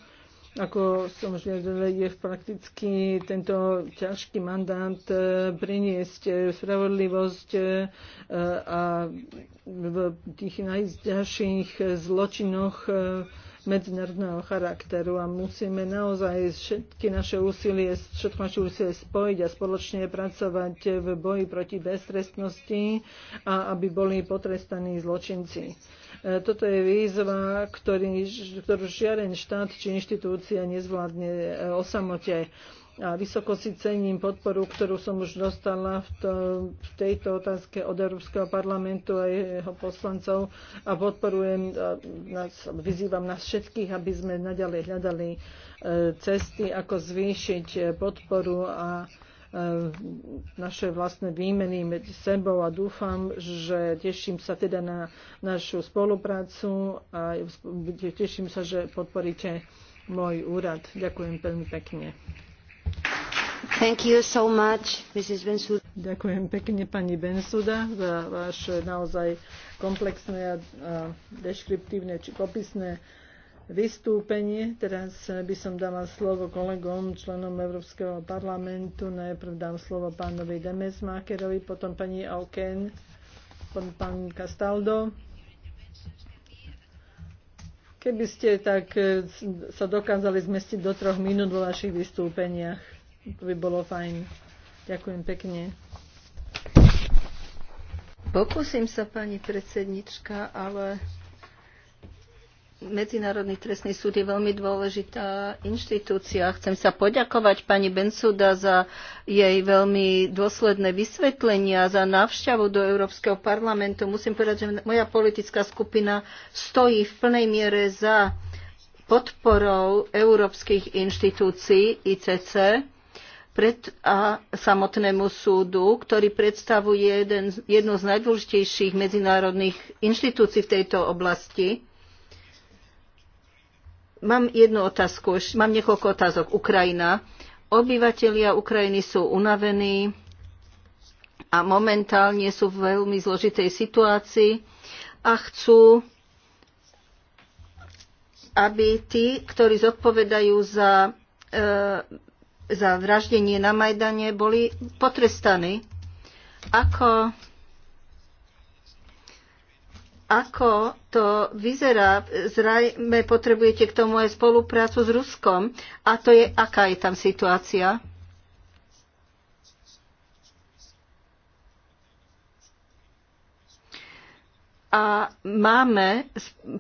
[SPEAKER 3] ako som už vedela, je prakticky tento ťažký mandát e, priniesť e, spravodlivosť e, a v tých najťažších zločinoch medzinárodného charakteru a musíme naozaj všetky naše úsilie, všetko naše úsilie spojiť a spoločne pracovať v boji proti beztrestnosti a aby boli potrestaní zločinci. E, toto je výzva, ktorý, ktorú žiaden štát či inštitúcia nezvládne e, o samote a vysoko si cením podporu, ktorú som už dostala v, to, v tejto otázke od Európskeho parlamentu a jeho poslancov a podporujem, a nás, vyzývam nás všetkých, aby sme naďalej hľadali e, cesty, ako zvýšiť podporu a e, naše vlastné výmeny medzi sebou a dúfam, že teším sa teda na našu spoluprácu a teším sa, že podporíte môj úrad. Ďakujem veľmi pekne. Ďakujem pekne pani Bensuda za vaše naozaj komplexné a deskriptívne či popisné vystúpenie. Teraz by som dala slovo kolegom, členom Európskeho parlamentu. Najprv dám slovo pánovi Demesmakerovi, potom pani Auken, potom pán Castaldo. Keby ste tak e, sa dokázali zmestiť do troch minút vo vašich vystúpeniach. To by bolo fajn. Ďakujem pekne. Pokúsim sa,
[SPEAKER 2] pani predsednička, ale Medzinárodný trestný súd je veľmi dôležitá inštitúcia. Chcem sa poďakovať pani Bensuda za jej veľmi dôsledné vysvetlenia, za návšťavu do Európskeho parlamentu. Musím povedať, že moja politická skupina stojí v plnej miere za podporou európskych inštitúcií ICC pred a samotnému súdu, ktorý predstavuje jeden, jednu z najdôležitejších medzinárodných inštitúcií v tejto oblasti. Mám jednu otázku, mám niekoľko otázok. Ukrajina. Obyvatelia Ukrajiny sú unavení a momentálne sú v veľmi zložitej situácii a chcú, aby tí, ktorí zodpovedajú za e, za vraždenie na Majdane boli potrestaní. Ako, ako to vyzerá? Zrajme potrebujete k tomu aj spoluprácu s Ruskom. A to je, aká je tam situácia? a máme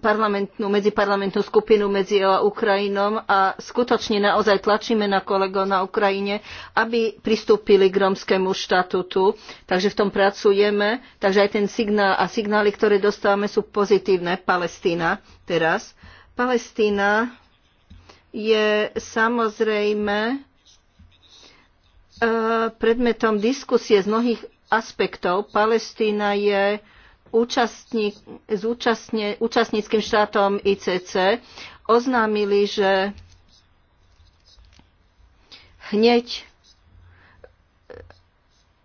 [SPEAKER 2] parlamentnú, medziparlamentnú skupinu medzi EU a Ukrajinom a skutočne naozaj tlačíme na kolegov na Ukrajine, aby pristúpili k romskému štatutu. Takže v tom pracujeme. Takže aj ten signál a signály, ktoré dostávame, sú pozitívne. Palestína teraz. Palestína je samozrejme e, predmetom diskusie z mnohých aspektov. Palestína je s účastníckým štátom ICC oznámili, že hneď e,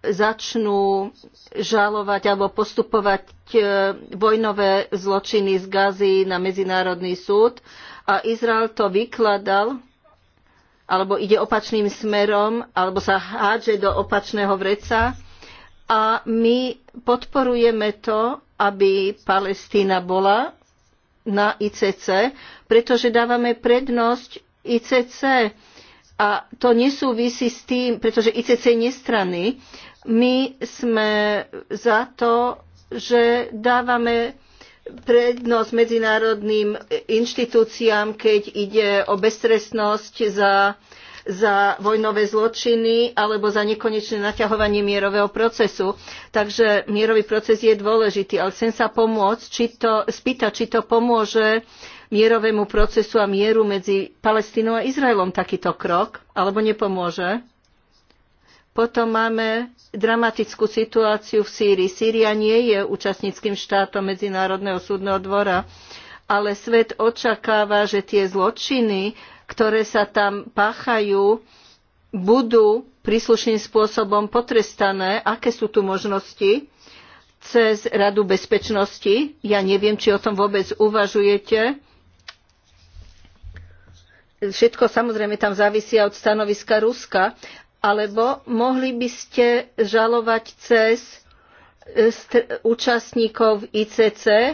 [SPEAKER 2] začnú žalovať alebo postupovať e, vojnové zločiny z Gazy na Medzinárodný súd. A Izrael to vykladal, alebo ide opačným smerom, alebo sa hádže do opačného vreca a my podporujeme to, aby Palestína bola na ICC, pretože dávame prednosť ICC a to nesúvisí s tým, pretože ICC je nestranný. My sme za to, že dávame prednosť medzinárodným inštitúciám, keď ide o bezstresnosť za za vojnové zločiny alebo za nekonečné naťahovanie mierového procesu. Takže mierový proces je dôležitý, ale chcem sa pomôcť, či to, spýtať, či to pomôže mierovému procesu a mieru medzi Palestínou a Izraelom takýto krok, alebo nepomôže. Potom máme dramatickú situáciu v Sýrii. Sýria nie je účastníckým štátom Medzinárodného súdneho dvora, ale svet očakáva, že tie zločiny, ktoré sa tam páchajú, budú príslušným spôsobom potrestané. Aké sú tu možnosti? Cez Radu bezpečnosti. Ja neviem, či o tom vôbec uvažujete. Všetko samozrejme tam závisia od stanoviska Ruska, alebo mohli by ste žalovať cez e, účastníkov ICC,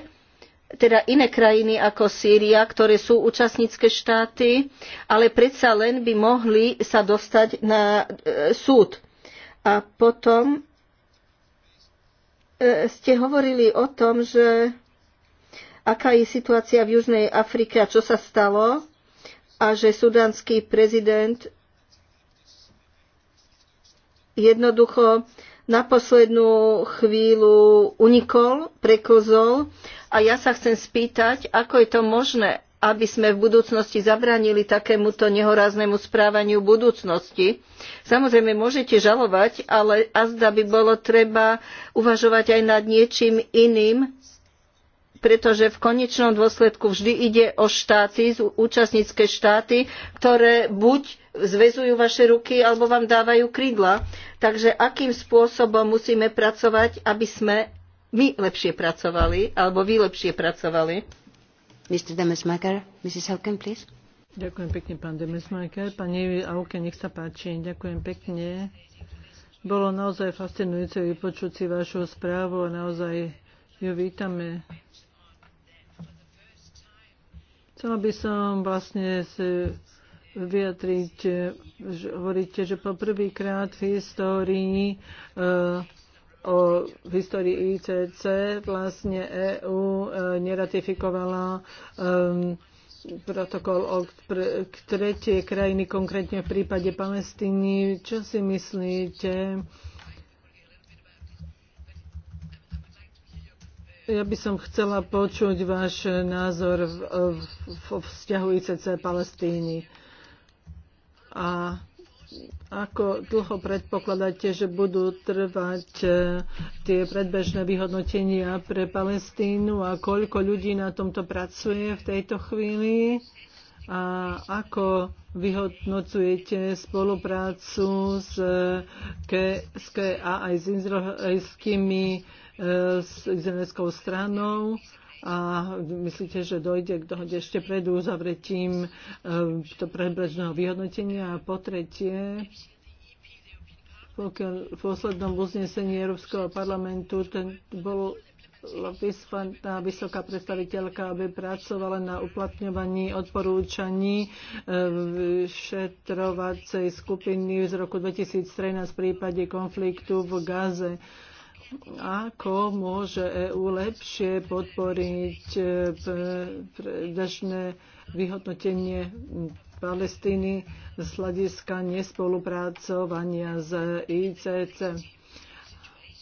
[SPEAKER 2] teda iné krajiny ako Sýria, ktoré sú účastnícke štáty, ale predsa len by mohli sa dostať na e, súd. A potom e, ste hovorili o tom, že aká je situácia v Južnej Afrike a čo sa stalo a že sudánsky prezident jednoducho na poslednú chvíľu unikol, prekozol a ja sa chcem spýtať, ako je to možné, aby sme v budúcnosti zabránili takémuto nehoráznému správaniu budúcnosti. Samozrejme, môžete žalovať, ale azda by bolo treba uvažovať aj nad niečím iným, pretože v konečnom dôsledku vždy ide o štáty, účastnícke štáty, ktoré buď zväzujú vaše ruky alebo vám dávajú krídla. Takže akým spôsobom musíme pracovať, aby sme my lepšie pracovali, alebo vy lepšie pracovali. Mr.
[SPEAKER 3] Demesmaker, Mrs. Hauken, please. Ďakujem pekne, pán Demesmaker. Pani Hauken, nech sa páči. Ďakujem pekne. Bolo naozaj fascinujúce vypočuť si vašu správu a naozaj ju vítame. Chcela by som vlastne si vyjadriť, že hovoríte, že po prvýkrát v histórii e, o histórii ICC vlastne EÚ e, neratifikovala e, protokol o k tretej krajiny, konkrétne v prípade Palestíny. Čo si myslíte? Ja by som chcela počuť váš názor v, v, v vzťahu ICC Palestíny. A ako dlho predpokladáte, že budú trvať e, tie predbežné vyhodnotenia pre Palestínu a koľko ľudí na tomto pracuje v tejto chvíli? A ako vyhodnocujete spoluprácu s, KSK a aj s izraelskými e, s izraelskou stranou? a myslíte, že dojde k dohode ešte pred uzavretím e, to predbrežného vyhodnotenia a po tretie pokiaľ v poslednom uznesení Európskeho parlamentu ten bolo vyslaná vysoká predstaviteľka, aby pracovala na uplatňovaní odporúčaní e, šetrovacej skupiny z roku 2013 v prípade konfliktu v Gaze. Ako môže EU lepšie podporiť dnešné vyhodnotenie Palestíny z hľadiska nespolupracovania s ICC?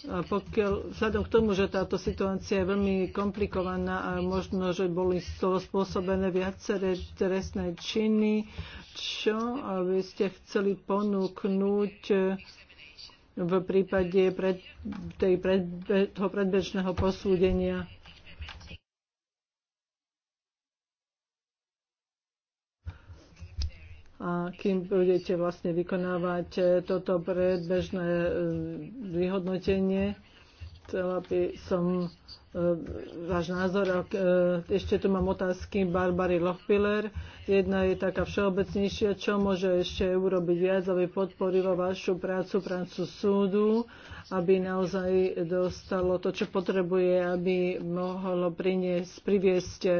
[SPEAKER 3] A pokiaľ, vzhľadom k tomu, že táto situácia je veľmi komplikovaná a možno, že boli z toho spôsobené viaceré trestné činy, čo by ste chceli ponúknuť v prípade pred, tej pred, toho predbežného posúdenia. a kým budete vlastne vykonávať toto predbežné eh, vyhodnotenie, chcela by som e, váš názor. E, ešte tu mám otázky Barbary Lochpiller. Jedna je taká všeobecnejšia, čo môže ešte urobiť viac, aby podporilo vašu prácu, prácu súdu, aby naozaj dostalo to, čo potrebuje, aby mohlo priniesť, priviesť e,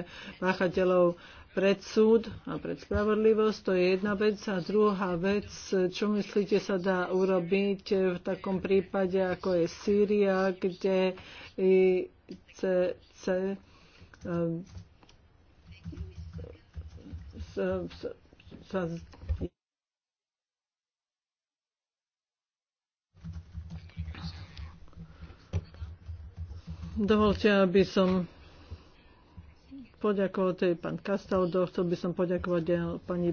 [SPEAKER 3] páchateľov pred súd a pred spravodlivosť, to je jedna vec. A druhá vec, čo myslíte sa dá urobiť v takom prípade, ako je Sýria, kde ICC sa Dovolte, aby som poďakovať, to je pán Kastaldo, chcel by som poďakovať ja, pani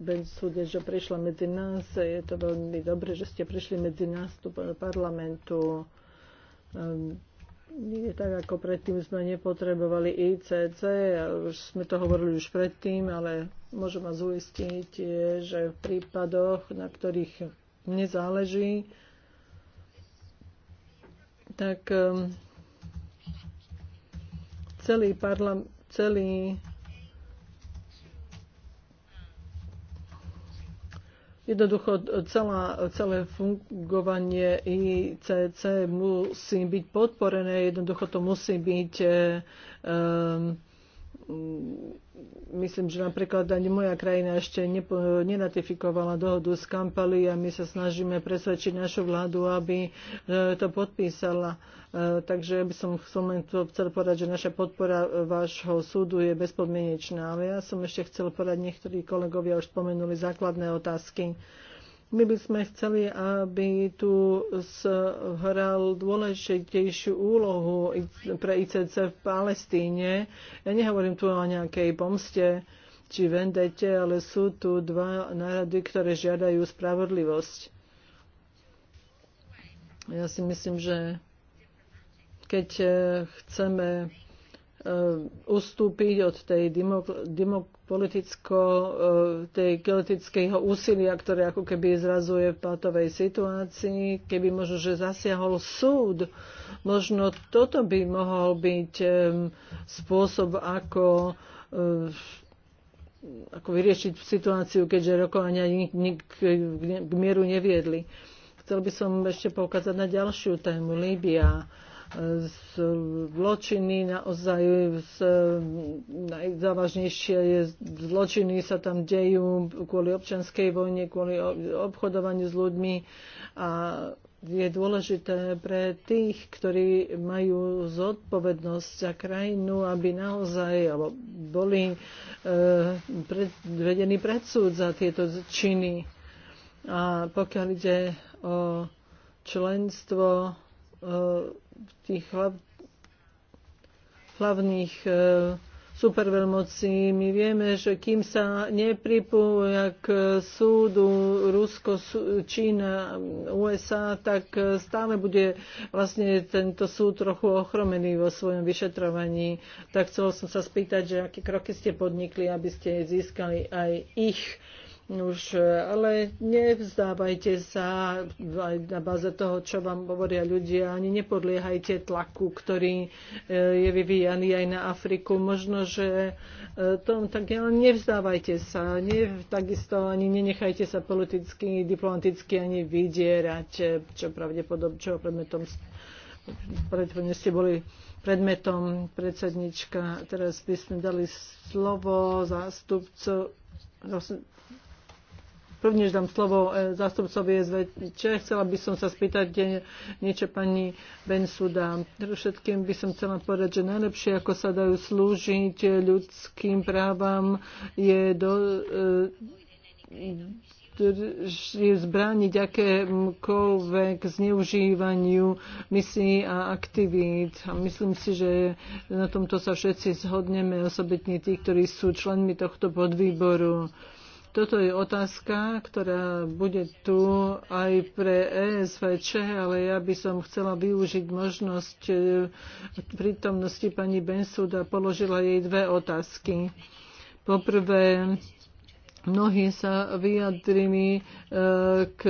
[SPEAKER 3] Bensude, že prišla medzi nás. Je to veľmi dobre, že ste prišli medzi nás do parlamentu. Nie ehm, tak, ako predtým sme nepotrebovali ICC, už sme to hovorili už predtým, ale môžem vás uistiť, že v prípadoch, na ktorých nezáleží, tak ehm, celý parlament Celý. Jednoducho celá, celé fungovanie ICC musí byť podporené, jednoducho to musí byť um, Mm, myslím, že napríklad ani moja krajina ešte nenatifikovala dohodu s Kampali a my sa snažíme presvedčiť našu vládu, aby e, to podpísala. E, takže ja by som, som len to chcel povedať, že naša podpora e, vášho súdu je bezpodmienečná. Ale ja som ešte chcel povedať, niektorí kolegovia už spomenuli základné otázky. My by sme chceli, aby tu hral dôležitejšiu úlohu pre ICC v Palestíne. Ja nehovorím tu o nejakej pomste či vendete, ale sú tu dva národy, ktoré žiadajú spravodlivosť. Ja si myslím, že keď eh, chceme Eh, ustúpiť od tej demopoliticko, eh, tej politického úsilia, ktoré ako keby zrazuje v platovej situácii, keby možno, že zasiahol súd. Možno toto by mohol byť eh, spôsob, ako ako vyriešiť situáciu, keďže rokovania nik, nik, k mieru neviedli. Chcel by som ešte poukázať na ďalšiu tému, Líbia zločiny, naozaj z, najzávažnejšie je, zločiny sa tam dejú kvôli občanskej vojne, kvôli obchodovaniu s ľuďmi a je dôležité pre tých, ktorí majú zodpovednosť za krajinu, aby naozaj boli e, predvedení pred súd za tieto činy. A pokiaľ ide o členstvo e, tých hlav, hlavných e, superveľmocí. My vieme, že kým sa nepripúja k e, súdu Rusko, Čína, USA, tak e, stále bude vlastne tento súd trochu ochromený vo svojom vyšetrovaní. Tak chcel som sa spýtať, že aké kroky ste podnikli, aby ste získali aj ich už, ale nevzdávajte sa aj na báze toho, čo vám hovoria ľudia, ani nepodliehajte tlaku, ktorý e, je vyvíjaný aj na Afriku. Možno, že e, tom, tak nevzdávajte sa, ne, takisto ani nenechajte sa politicky, diplomaticky ani vydierať, e, čo pravdepodobne, čo predmetom, pravdepodobne ste boli predmetom predsednička. Teraz by sme dali slovo zástupcu Prvnež dám slovo e, zástupcovi SVČ. Chcela by som sa spýtať niečo pani Bensuda. Všetkým by som chcela povedať, že najlepšie, ako sa dajú slúžiť ľudským právam, je do, e, zbrániť akémkoľvek zneužívaniu misií a aktivít. A myslím si, že na tomto sa všetci zhodneme, osobitne tí, ktorí sú členmi tohto podvýboru. Toto je otázka, ktorá bude tu aj pre ESVČ, ale ja by som chcela využiť možnosť e, prítomnosti pani Bensuda. Položila jej dve otázky. Poprvé, mnohí sa vyjadrili e, k,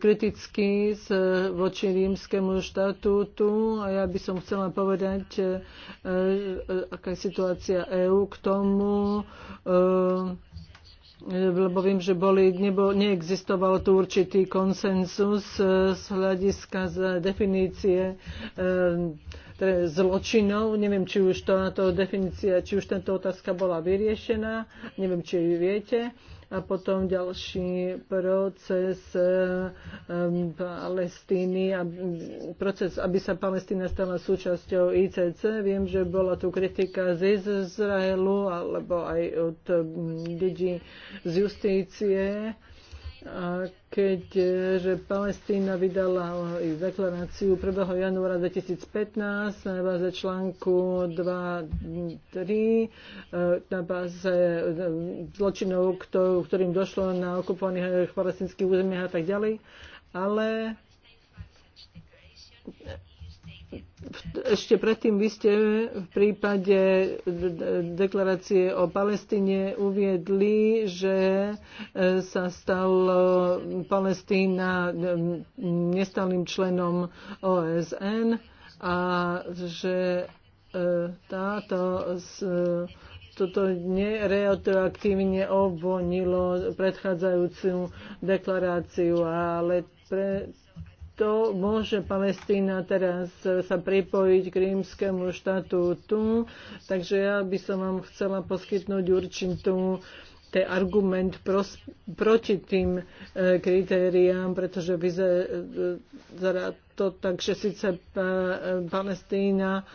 [SPEAKER 3] kriticky z, voči rímskemu štatútu a ja by som chcela povedať, e, aká je situácia EÚ k tomu lebo viem, že boli, nebo, neexistoval tu určitý konsenzus e, z hľadiska z definície teda zločinov. Neviem, či už táto definícia, či už táto otázka bola vyriešená. Neviem, či ju viete a potom ďalší proces um, Palestíny, mm, proces, aby sa Palestína stala súčasťou ICC. Viem, že bola tu kritika z Izraelu alebo aj od mm, ľudí z justície a keď e, že Palestína vydala deklaráciu 1. januára 2015 na báze článku 2.3 e, na báze e, zločinov, ktorým došlo na okupovaných palestinských územiach a tak ďalej, ale ešte predtým vy ste v prípade deklarácie o Palestíne uviedli, že e, sa stal e, Palestína e, nestalým členom OSN a že táto toto neretroaktívne obvonilo predchádzajúcu deklaráciu, ale pre, to môže Palestína teraz sa pripojiť k rímskému štatútu. Takže ja by som vám chcela poskytnúť určitú ten argument pros, proti tým e, kritériám, pretože vyzerá to tak, že síce pa, e, Palestína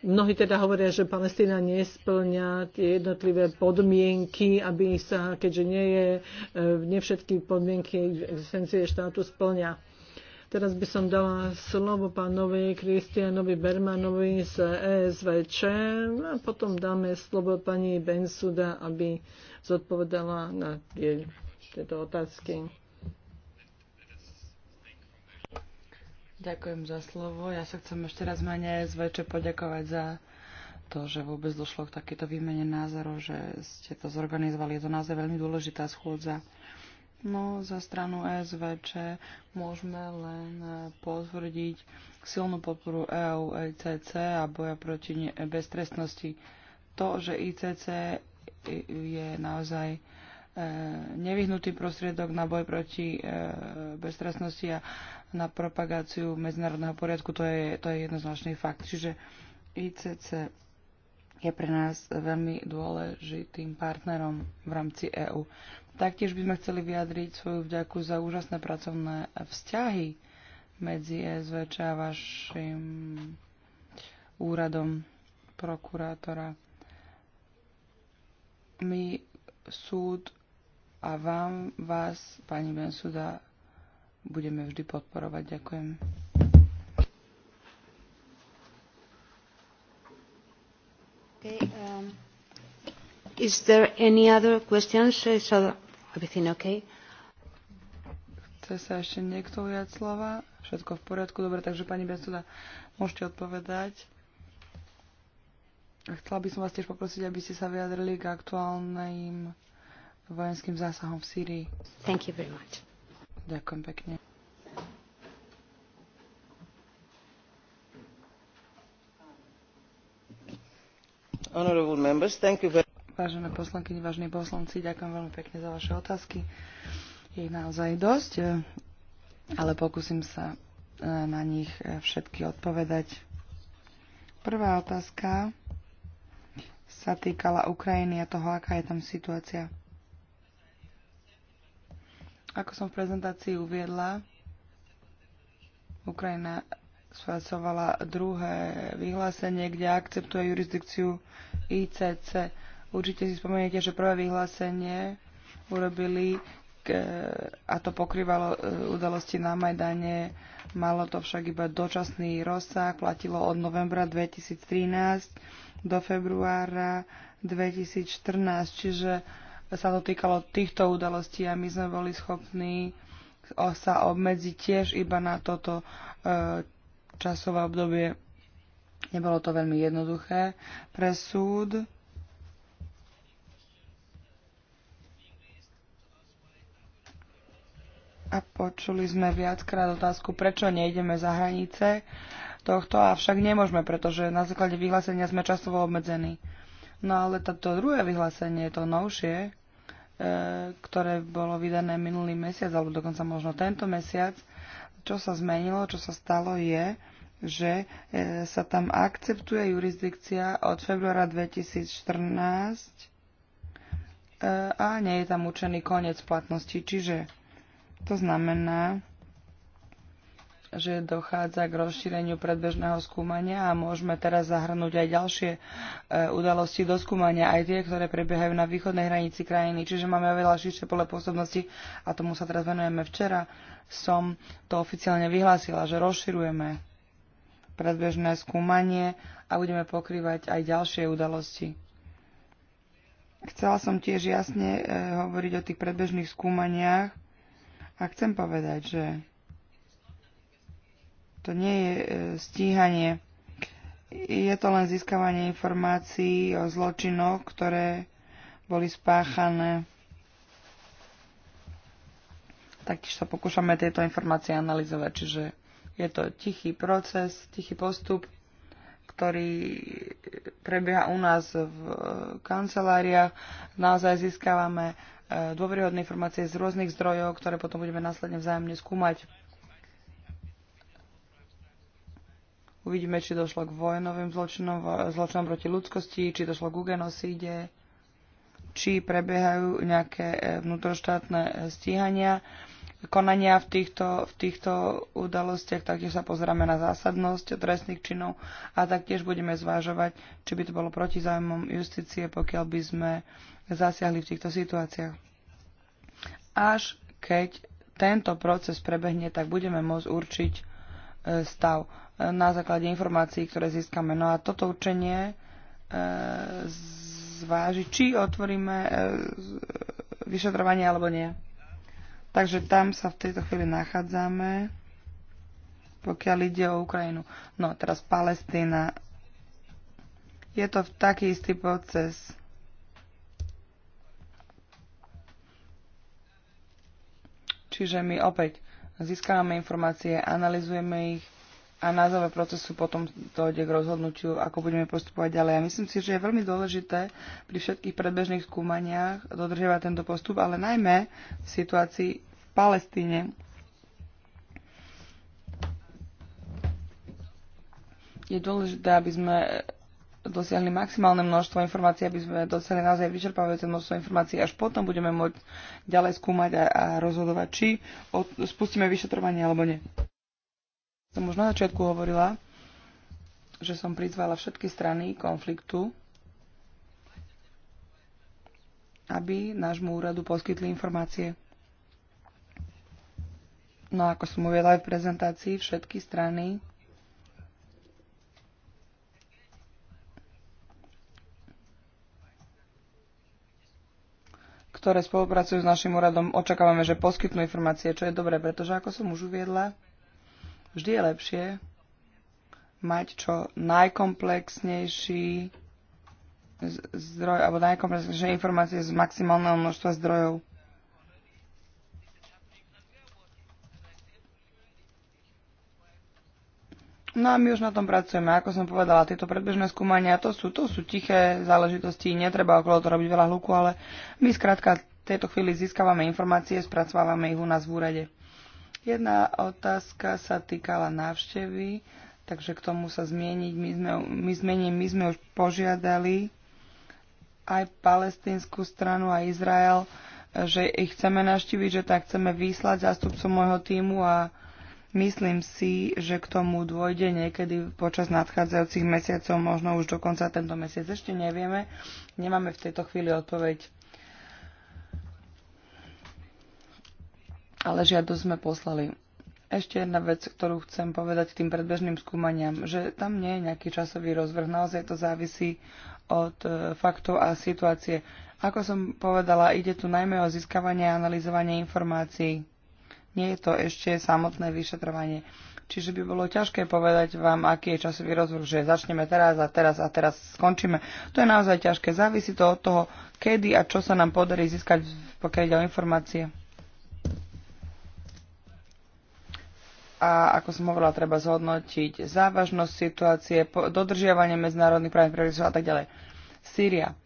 [SPEAKER 3] Mnohí teda hovoria, že Palestína nesplňa tie jednotlivé podmienky, aby sa, keďže nie je, e, nevšetky podmienky existencie štátu splňa. Teraz by som dala slovo pánovi Kristianovi Bermanovi z ESVČ a potom dáme slovo pani Bensuda, aby zodpovedala
[SPEAKER 1] na tie, tieto otázky. Ďakujem za slovo. Ja sa chcem ešte raz mene ESVČ poďakovať za to, že vôbec došlo k takéto výmene názorov, že ste to zorganizovali. Je to naozaj veľmi dôležitá schôdza. No, za stranu SVČ môžeme len eh, potvrdiť silnú podporu EU, ICC e a boja proti beztrestnosti. To, že ICC je naozaj eh, nevyhnutý prostriedok na boj proti eh, beztrestnosti a na propagáciu medzinárodného poriadku, to je, to je jednoznačný fakt. Čiže ICC je pre nás veľmi dôležitým partnerom v rámci EÚ. Taktiež by sme chceli vyjadriť svoju vďaku za úžasné pracovné vzťahy medzi SVČ a vašim úradom prokurátora. My súd a vám, vás, pani Bensuda, budeme vždy podporovať. Ďakujem. Okay, um, is there any other questions? So Everything okay? Chce sa ešte niekto ujať slova? Všetko v poriadku? Dobre, takže pani Besuda, môžete odpovedať. Chcela by som vás tiež poprosiť, aby ste sa vyjadrili k aktuálnym vojenským zásahom v Sýrii. Thank you very much. Ďakujem pekne. Honorable members, thank you very much. Vážené poslanky, vážení poslanci, ďakujem veľmi pekne za vaše otázky. Je ich naozaj dosť, ale pokúsim sa e, na nich e, všetky odpovedať. Prvá otázka sa týkala Ukrajiny a toho, aká je tam situácia. Ako som v prezentácii uviedla, Ukrajina spracovala druhé vyhlásenie, kde akceptuje jurisdikciu ICC. Určite si spomeniete, že prvé vyhlásenie urobili a to pokrývalo e, udalosti na Majdane. Malo to však iba dočasný rozsah, platilo od novembra 2013 do februára 2014, čiže sa to týkalo týchto udalostí a my sme boli schopní sa obmedziť tiež iba na toto e, časové obdobie. Nebolo to veľmi jednoduché pre súd a počuli sme viackrát otázku, prečo nejdeme za hranice tohto, avšak nemôžeme, pretože na základe vyhlásenia sme časovo obmedzení. No ale toto druhé vyhlásenie, to novšie, e, ktoré bolo vydané minulý mesiac, alebo dokonca možno tento mesiac, čo sa zmenilo, čo sa stalo je, že e, sa tam akceptuje jurisdikcia od februára 2014 e, a nie je tam učený koniec platnosti, čiže to znamená, že dochádza k rozšíreniu predbežného skúmania a môžeme teraz zahrnúť aj ďalšie e, udalosti do skúmania, aj tie, ktoré prebiehajú na východnej hranici krajiny. Čiže máme oveľa širšie pole pôsobnosti a tomu sa teraz venujeme. Včera som to oficiálne vyhlásila, že rozširujeme predbežné skúmanie a budeme pokrývať aj ďalšie udalosti. Chcela som tiež jasne e, hovoriť o tých predbežných skúmaniach, a chcem povedať, že to nie je e, stíhanie. Je to len získavanie informácií o zločinoch, ktoré boli spáchané. Taktiež sa pokúšame tieto informácie analyzovať, čiže je to tichý proces, tichý postup, ktorý prebieha u nás v e, kanceláriách. Naozaj získavame dôveryhodné informácie z rôznych zdrojov, ktoré potom budeme následne vzájomne skúmať. Uvidíme, či došlo k vojnovým zločinom, zločinom proti ľudskosti, či došlo k genocíde, či prebiehajú nejaké eh, vnútroštátne eh, stíhania, konania v týchto, v týchto udalostiach. Taktiež sa pozeráme na zásadnosť trestných činov a taktiež budeme zvážovať, či by to bolo proti zájmom justície, pokiaľ by sme zasiahli v týchto situáciách. Až keď tento proces prebehne, tak budeme môcť určiť e, stav e, na základe informácií, ktoré získame. No a toto určenie e, zváži, či otvoríme vyšetrovanie alebo nie. Takže tam sa v tejto chvíli nachádzame, pokiaľ ide o Ukrajinu. No, teraz Palestína. Je to taký istý proces Čiže my opäť získávame informácie, analizujeme ich a názove procesu potom dojde k rozhodnutiu, ako budeme postupovať ďalej. A myslím si, že je veľmi dôležité pri všetkých predbežných skúmaniach dodržiavať tento postup, ale najmä v situácii v Palestíne. Je dôležité, aby sme dosiahli maximálne množstvo informácií, aby sme dosiahli naozaj vyčerpávajúce množstvo informácií. Až potom budeme môcť ďalej skúmať a, a rozhodovať, či od, spustíme vyšetrovanie alebo nie. Som už na začiatku hovorila, že som prizvala všetky strany konfliktu, aby nášmu úradu poskytli informácie. No ako som uviedla aj v prezentácii, všetky strany ktoré spolupracujú s našim úradom, očakávame, že poskytnú informácie, čo je dobré, pretože ako som už uviedla, vždy je lepšie mať čo najkomplexnejší zdroj alebo najkomplexnejšie informácie z maximálneho množstva zdrojov. No a my už na tom pracujeme. Ako som povedala, tieto predbežné skúmania, to sú, to sú tiché záležitosti, netreba okolo toho robiť veľa hluku, ale my skrátka v tejto chvíli získavame informácie, spracovávame ich u nás v úrade. Jedna otázka sa týkala návštevy, takže k tomu sa zmieniť. My sme, my zmením, my sme už požiadali aj palestinskú stranu a Izrael, že ich chceme naštíviť, že tak chceme vyslať zástupcu môjho týmu a Myslím si, že k tomu dôjde niekedy počas nadchádzajúcich mesiacov, možno už dokonca tento mesiac. Ešte nevieme, nemáme v tejto chvíli odpoveď. Ale žiadosť sme poslali. Ešte jedna vec, ktorú chcem povedať tým predbežným skúmaniam, že tam nie je nejaký časový rozvrh, naozaj to závisí od e, faktov a situácie. Ako som povedala, ide tu najmä o získavanie a analyzovanie informácií nie je to ešte samotné vyšetrovanie. Čiže by bolo ťažké povedať vám, aký je časový rozvrh, že začneme teraz a teraz a teraz skončíme. To je naozaj ťažké. Závisí to od toho, kedy a čo sa nám podarí získať, pokiaľ ide o informácie. A ako som hovorila, treba zhodnotiť závažnosť situácie, dodržiavanie medzinárodných právnych predpisov a tak ďalej. Sýria.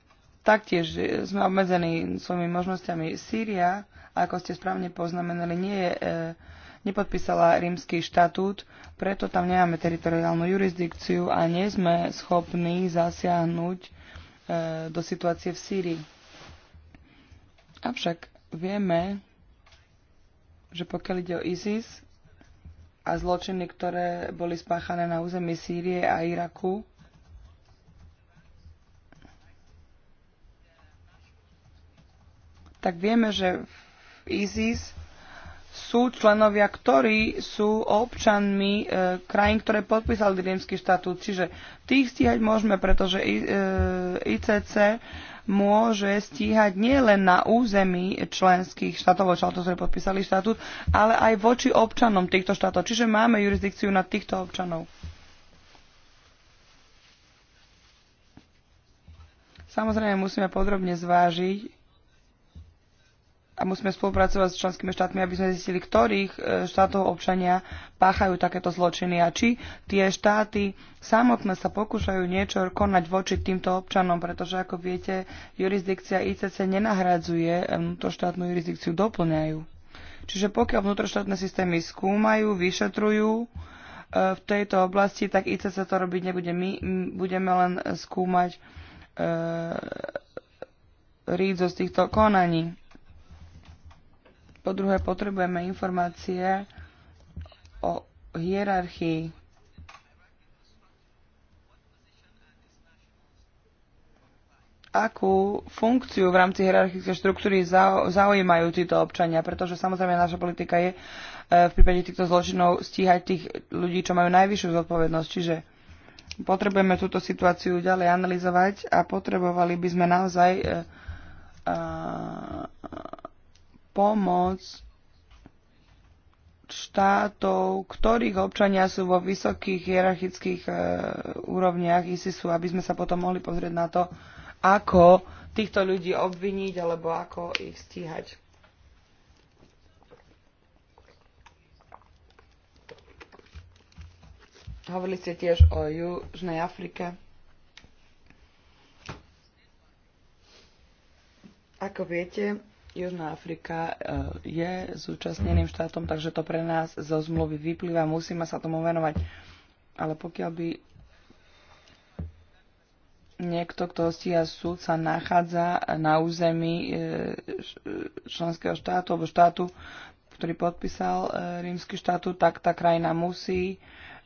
[SPEAKER 1] Taktiež sme obmedzení svojimi možnosťami. Sýria, ako ste správne poznamenali, nie je, e, nepodpísala rímsky štatút, preto tam nemáme teritoriálnu jurisdikciu a nie sme schopní zasiahnuť e, do situácie v Sýrii. Avšak vieme, že pokiaľ ide o ISIS a zločiny, ktoré boli spáchané na území Sýrie a Iraku, tak vieme, že v ISIS sú členovia, ktorí sú občanmi e, krajín, ktoré podpísali rímsky štatút. Čiže tých stíhať môžeme, pretože I, e, ICC môže stíhať nielen na území členských štátov, to ktoré podpísali štatút, ale aj voči občanom týchto štátov. Čiže máme jurisdikciu na týchto občanov. Samozrejme musíme podrobne zvážiť, a musíme spolupracovať s členskými štátmi, aby sme zistili, ktorých e, štátov občania páchajú takéto zločiny a či tie štáty samotné sa pokúšajú niečo konať voči týmto občanom, pretože ako viete, jurisdikcia ICC nenahradzuje vnútroštátnu jurisdikciu, doplňajú. Čiže pokiaľ vnútroštátne systémy skúmajú, vyšetrujú e, v tejto oblasti, tak ICC to robiť nebude. My budeme len skúmať e, rídzo z týchto konaní. Po druhé, potrebujeme informácie o hierarchii akú funkciu v rámci hierarchické štruktúry zaujímajú títo občania, pretože samozrejme naša politika je e, v prípade týchto zločinov stíhať tých ľudí, čo majú najvyššiu zodpovednosť. Čiže potrebujeme túto situáciu ďalej analyzovať a potrebovali by sme naozaj e, pomoc štátov, ktorých občania sú vo vysokých hierarchických e, úrovniach ISISu, aby sme sa potom mohli pozrieť na to, ako týchto ľudí obviniť alebo ako ich stíhať. Hovorili ste tiež o Južnej Afrike. Ako viete, Južná Afrika e, je zúčastneným štátom, takže to pre nás zo zmluvy vyplýva, musíme sa tomu venovať. Ale pokiaľ by niekto, kto stíha súd, sa nachádza na území e, členského štátu alebo štátu, ktorý podpísal e, rímsky štátu, tak tá krajina musí uh,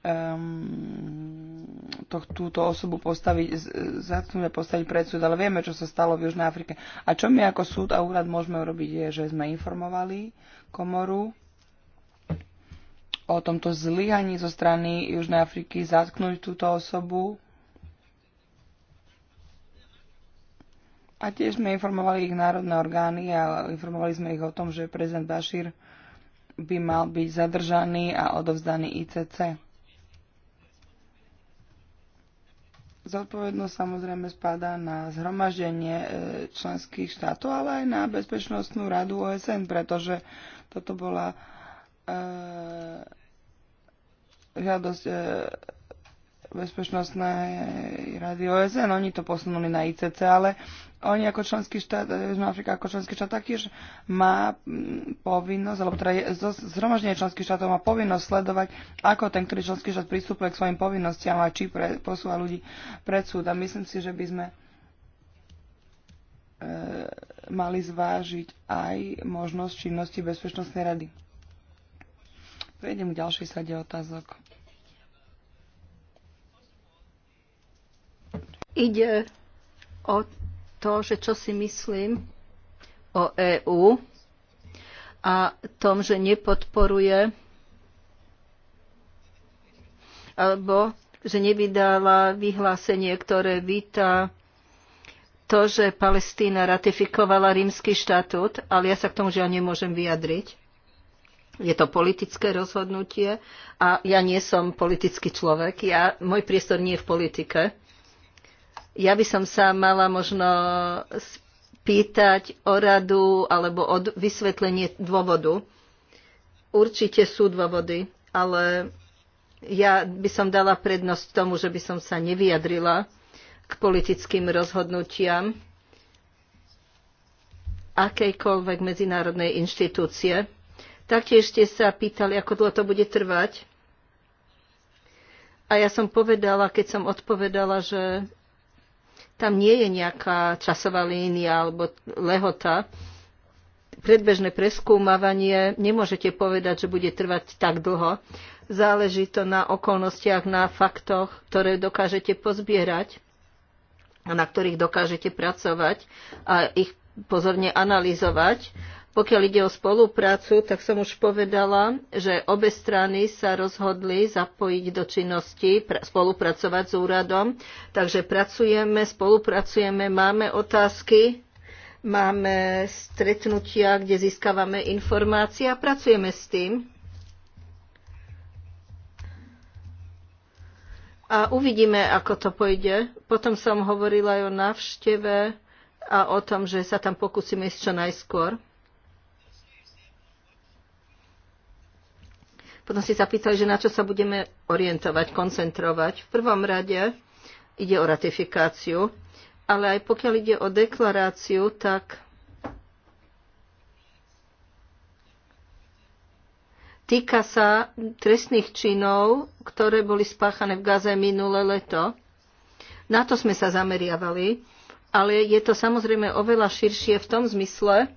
[SPEAKER 1] um, to, túto osobu postaviť, začneme postaviť pred súd, ale vieme, čo sa stalo v Južnej Afrike. A čo my ako súd a úrad môžeme urobiť, je, že sme informovali komoru o tomto zlyhaní zo strany Južnej Afriky zatknúť túto osobu. A tiež sme informovali ich národné orgány a informovali sme ich o tom, že prezident Bashir by mal byť zadržaný a odovzdaný ICC. Zodpovednosť samozrejme spadá na zhromaždenie e, členských štátov, ale aj na Bezpečnostnú radu OSN, pretože toto bola e, žiadosť e, Bezpečnostnej rady OSN. Oni to posunuli na ICC, ale oni ako členský štát, eh, Južná Afrika ako členský štát taktiež má mm, povinnosť, alebo teda je, zhromaždenie členských štátov má povinnosť sledovať, ako ten, ktorý členský štát pristupuje k svojim povinnostiam a či pre, posúva ľudí pred súd. A myslím si, že by sme e, mali zvážiť aj možnosť činnosti Bezpečnostnej rady. Prejdem k ďalšej sade otázok.
[SPEAKER 2] Ide o to, že čo si myslím o EÚ a tom, že nepodporuje alebo že nevydala vyhlásenie, ktoré víta to, že Palestína ratifikovala rímsky štatút, ale ja sa k tomu žiaľ nemôžem vyjadriť. Je to politické rozhodnutie a ja nie som politický človek. Ja, môj priestor nie je v politike. Ja by som sa mala možno spýtať o radu alebo o vysvetlenie dôvodu. Určite sú dôvody, ale ja by som dala prednosť tomu, že by som sa nevyjadrila k politickým rozhodnutiam akejkoľvek medzinárodnej inštitúcie. Taktiež ste sa pýtali, ako dlho to bude trvať. A ja som povedala, keď som odpovedala, že tam nie je nejaká časová línia alebo lehota. Predbežné preskúmavanie nemôžete povedať, že bude trvať tak dlho. Záleží to na okolnostiach, na faktoch, ktoré dokážete pozbierať a na ktorých dokážete pracovať a ich pozorne analyzovať pokiaľ ide o spoluprácu, tak som už povedala, že obe strany sa rozhodli zapojiť do činnosti, spolupracovať s úradom. Takže pracujeme, spolupracujeme, máme otázky, máme stretnutia, kde získavame informácie a pracujeme s tým. A uvidíme, ako to pôjde. Potom som hovorila aj o návšteve a o tom, že sa tam pokúsime ísť čo najskôr. Potom si zapýtali, že na čo sa budeme orientovať, koncentrovať. V prvom rade ide o ratifikáciu, ale aj pokiaľ ide o deklaráciu, tak týka sa trestných činov, ktoré boli spáchané v Gaze minulé leto. Na to sme sa zameriavali, ale je to samozrejme oveľa širšie v tom zmysle,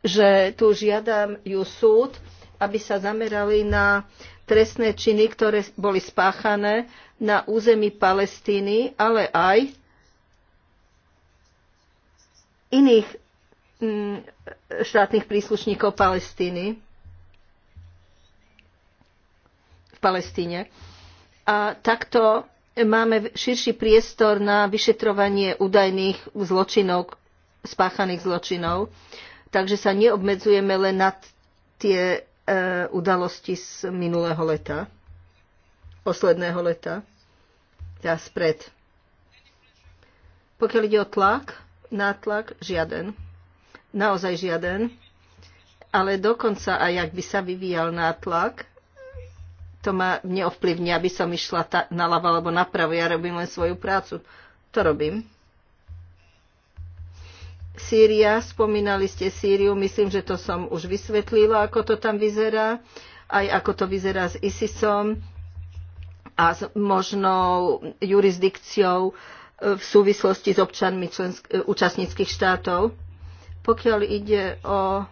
[SPEAKER 2] že tu žiadam ju súd, aby sa zamerali na trestné činy, ktoré boli spáchané na území Palestíny, ale aj iných mm, štátnych príslušníkov Palestíny v Palestíne. A takto máme širší priestor na vyšetrovanie údajných zločinov, spáchaných zločinov. Takže sa neobmedzujeme len na tie E, udalosti z minulého leta, posledného leta, teda spred. Pokiaľ ide o tlak, nátlak, žiaden. Naozaj žiaden. Ale dokonca aj ak by sa vyvíjal nátlak, to ma neovplyvní, aby som išla ta, naľavo alebo napravo. Ja robím len svoju prácu. To robím. Sýria, spomínali ste Sýriu, myslím, že to som už vysvetlila, ako to tam vyzerá, aj ako to vyzerá s ISISom a s možnou jurisdikciou e, v súvislosti s občanmi člensk- e, účastníckých štátov. Pokiaľ ide o e,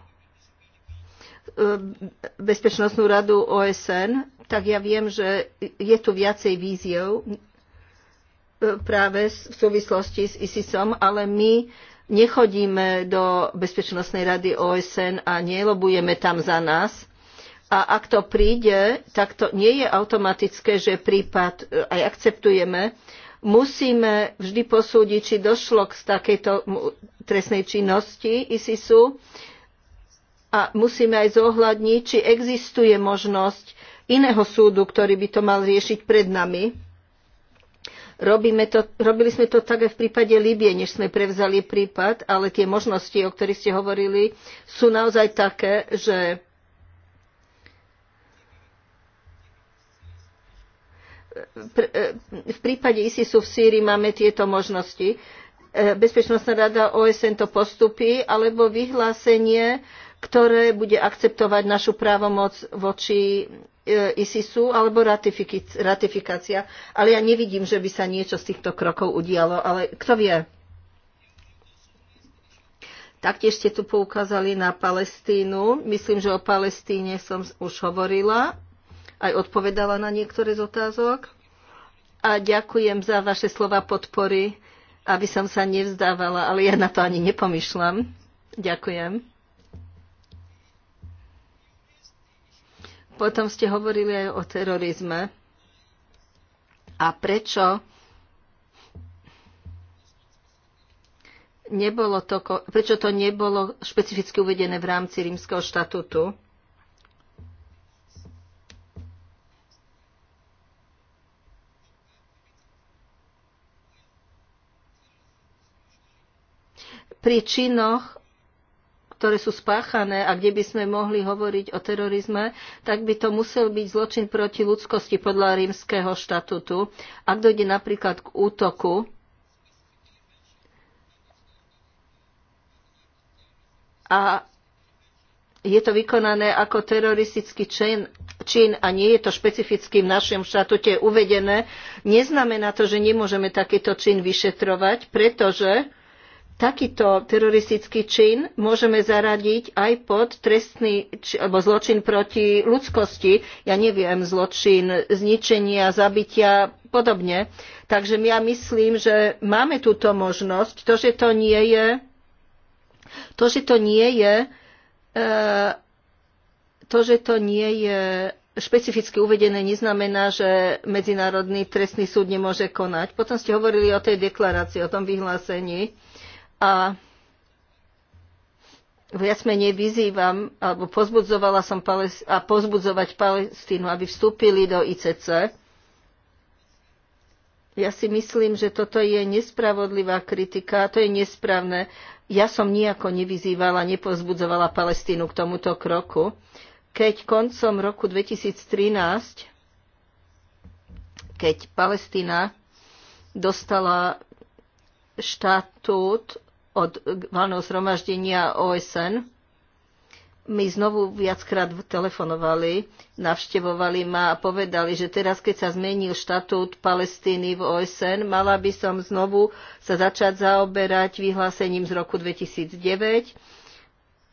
[SPEAKER 2] Bezpečnostnú radu OSN, tak ja viem, že je tu viacej víziev práve v súvislosti s ISISom, ale my nechodíme do Bezpečnostnej rady OSN a nelobujeme tam za nás. A ak to príde, tak to nie je automatické, že prípad e, aj akceptujeme. Musíme vždy posúdiť, či došlo k takejto trestnej činnosti ISISu a musíme aj zohľadniť, či existuje možnosť iného súdu, ktorý by to mal riešiť pred nami robili sme to tak aj v prípade líbye než sme prevzali prípad, ale tie možnosti, o ktorých ste hovorili, sú naozaj také, že v prípade ISISu v Sýrii máme tieto možnosti. E, Bezpečnostná rada OSN to postupí, alebo vyhlásenie, ktoré bude akceptovať našu právomoc voči E, ISISu alebo ratifikácia. Ale ja nevidím, že by sa niečo z týchto krokov udialo, ale kto vie? Taktiež ste tu poukázali na Palestínu. Myslím, že o Palestíne som už hovorila, aj odpovedala na niektoré z otázok. A ďakujem za vaše slova podpory, aby som sa nevzdávala, ale ja na to ani nepomýšľam. Ďakujem. Potom ste hovorili aj o terorizme. A prečo nebolo to, prečo to nebolo špecificky uvedené v rámci rímskeho štatútu? Pri činoch ktoré sú spáchané a kde by sme mohli hovoriť o terorizme, tak by to musel byť zločin proti ľudskosti podľa rímskeho štatútu. Ak dojde napríklad k útoku, a je to vykonané ako teroristický čin, čin a nie je to špecificky v našom štatute uvedené, neznamená to, že nemôžeme takýto čin vyšetrovať, pretože takýto teroristický čin môžeme zaradiť aj pod trestný alebo zločin proti ľudskosti, ja neviem, zločin zničenia, zabitia, podobne. Takže ja myslím, že máme túto možnosť. To, že to nie je, to, že to nie je, e, to, že to nie je špecificky uvedené neznamená, že Medzinárodný trestný súd nemôže konať. Potom ste hovorili o tej deklarácii, o tom vyhlásení a viac menej vyzývam, alebo pozbudzovala som Palest- a pozbudzovať Palestínu, aby vstúpili do ICC. Ja si myslím, že toto je nespravodlivá kritika, to je nesprávne. Ja som nijako nevyzývala, nepozbudzovala Palestínu k tomuto kroku. Keď koncom roku 2013, keď Palestína dostala štatút od hlavného zhromaždenia OSN. My znovu viackrát telefonovali, navštevovali ma a povedali, že teraz, keď sa zmenil štatút Palestíny v OSN, mala by som znovu sa začať zaoberať vyhlásením z roku 2009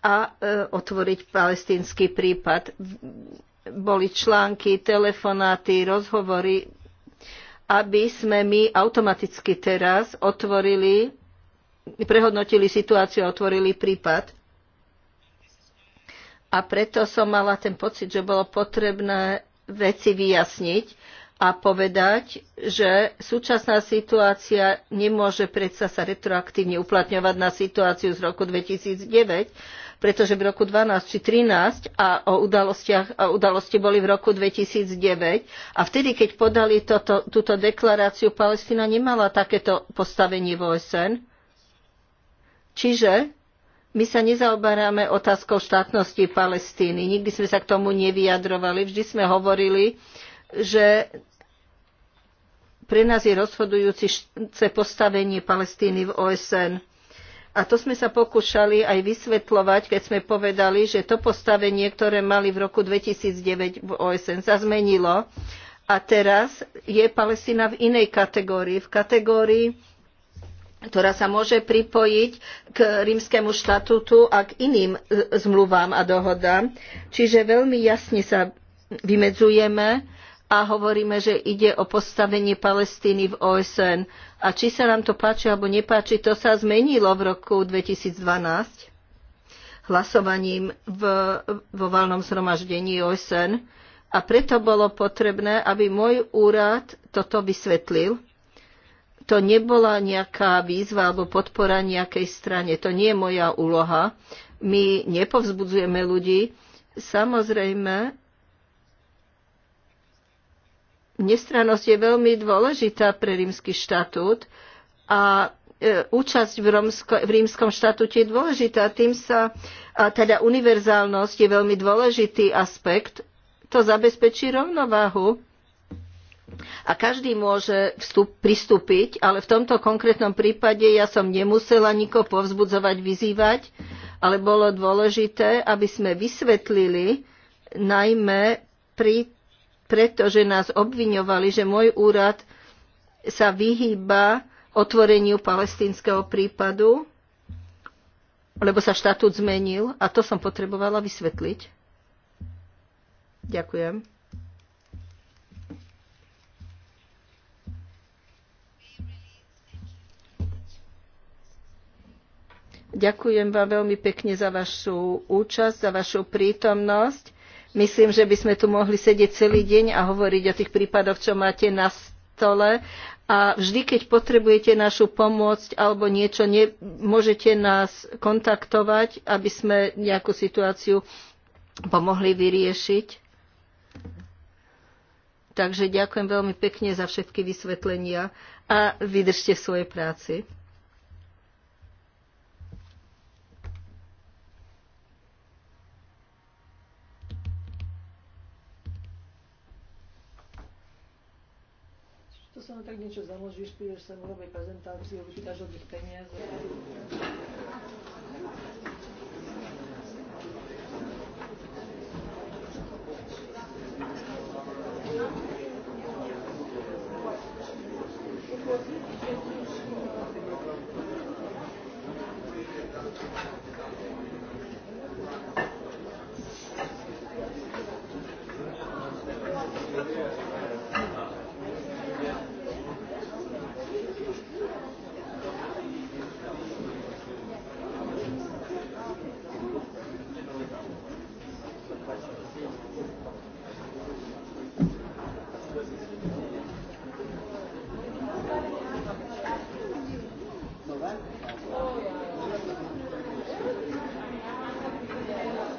[SPEAKER 2] a e, otvoriť palestínsky prípad. Boli články, telefonáty, rozhovory, aby sme my automaticky teraz otvorili prehodnotili situáciu a otvorili prípad. A preto som mala ten pocit, že bolo potrebné veci vyjasniť a povedať, že súčasná situácia nemôže predsa sa retroaktívne uplatňovať na situáciu z roku 2009, pretože v roku 12 či 13 a o udalostiach, a udalosti boli v roku 2009 a vtedy, keď podali toto, túto deklaráciu, Palestina nemala takéto postavenie v OSN Čiže my sa nezaoberáme otázkou štátnosti Palestíny. Nikdy sme sa k tomu nevyjadrovali. Vždy sme hovorili, že pre nás je rozhodujúce postavenie Palestíny v OSN. A to sme sa pokúšali aj vysvetľovať, keď sme povedali, že to postavenie, ktoré mali v roku 2009 v OSN, sa zmenilo. A teraz je Palestina v inej kategórii, v kategórii ktorá sa môže pripojiť k rímskemu štatútu a k iným e, zmluvám a dohodám. Čiže veľmi jasne sa vymedzujeme a hovoríme, že ide o postavenie Palestíny v OSN. A či sa nám to páči alebo nepáči, to sa zmenilo v roku 2012 hlasovaním v, vo valnom zhromaždení OSN. A preto bolo potrebné, aby môj úrad toto vysvetlil to nebola nejaká výzva alebo podpora nejakej strane. To nie je moja úloha. My nepovzbudzujeme ľudí. Samozrejme, nestrannosť je veľmi dôležitá pre rímsky štatút a e, účasť v, romsko, v rímskom štatúte je dôležitá. Tým sa, a teda univerzálnosť je veľmi dôležitý aspekt. To zabezpečí rovnováhu a každý môže vstup, pristúpiť, ale v tomto konkrétnom prípade ja som nemusela nikoho povzbudzovať, vyzývať, ale bolo dôležité, aby sme vysvetlili, najmä pri, preto, že nás obviňovali, že môj úrad sa vyhýba otvoreniu palestínskeho prípadu, lebo sa štatút zmenil a to som potrebovala vysvetliť. Ďakujem. Ďakujem vám veľmi pekne za vašu účasť, za vašu prítomnosť. Myslím, že by sme tu mohli sedieť celý deň a hovoriť o tých prípadoch, čo máte na stole. A vždy, keď potrebujete našu pomoc alebo niečo, ne, môžete nás kontaktovať, aby sme nejakú situáciu pomohli vyriešiť. Takže ďakujem veľmi pekne za všetky vysvetlenia a vydržte svoje práci.
[SPEAKER 3] sa len tak niečo založíš, prídeš sa urobí prezentáciu, vypýtaš od nich peniaze. Thank you.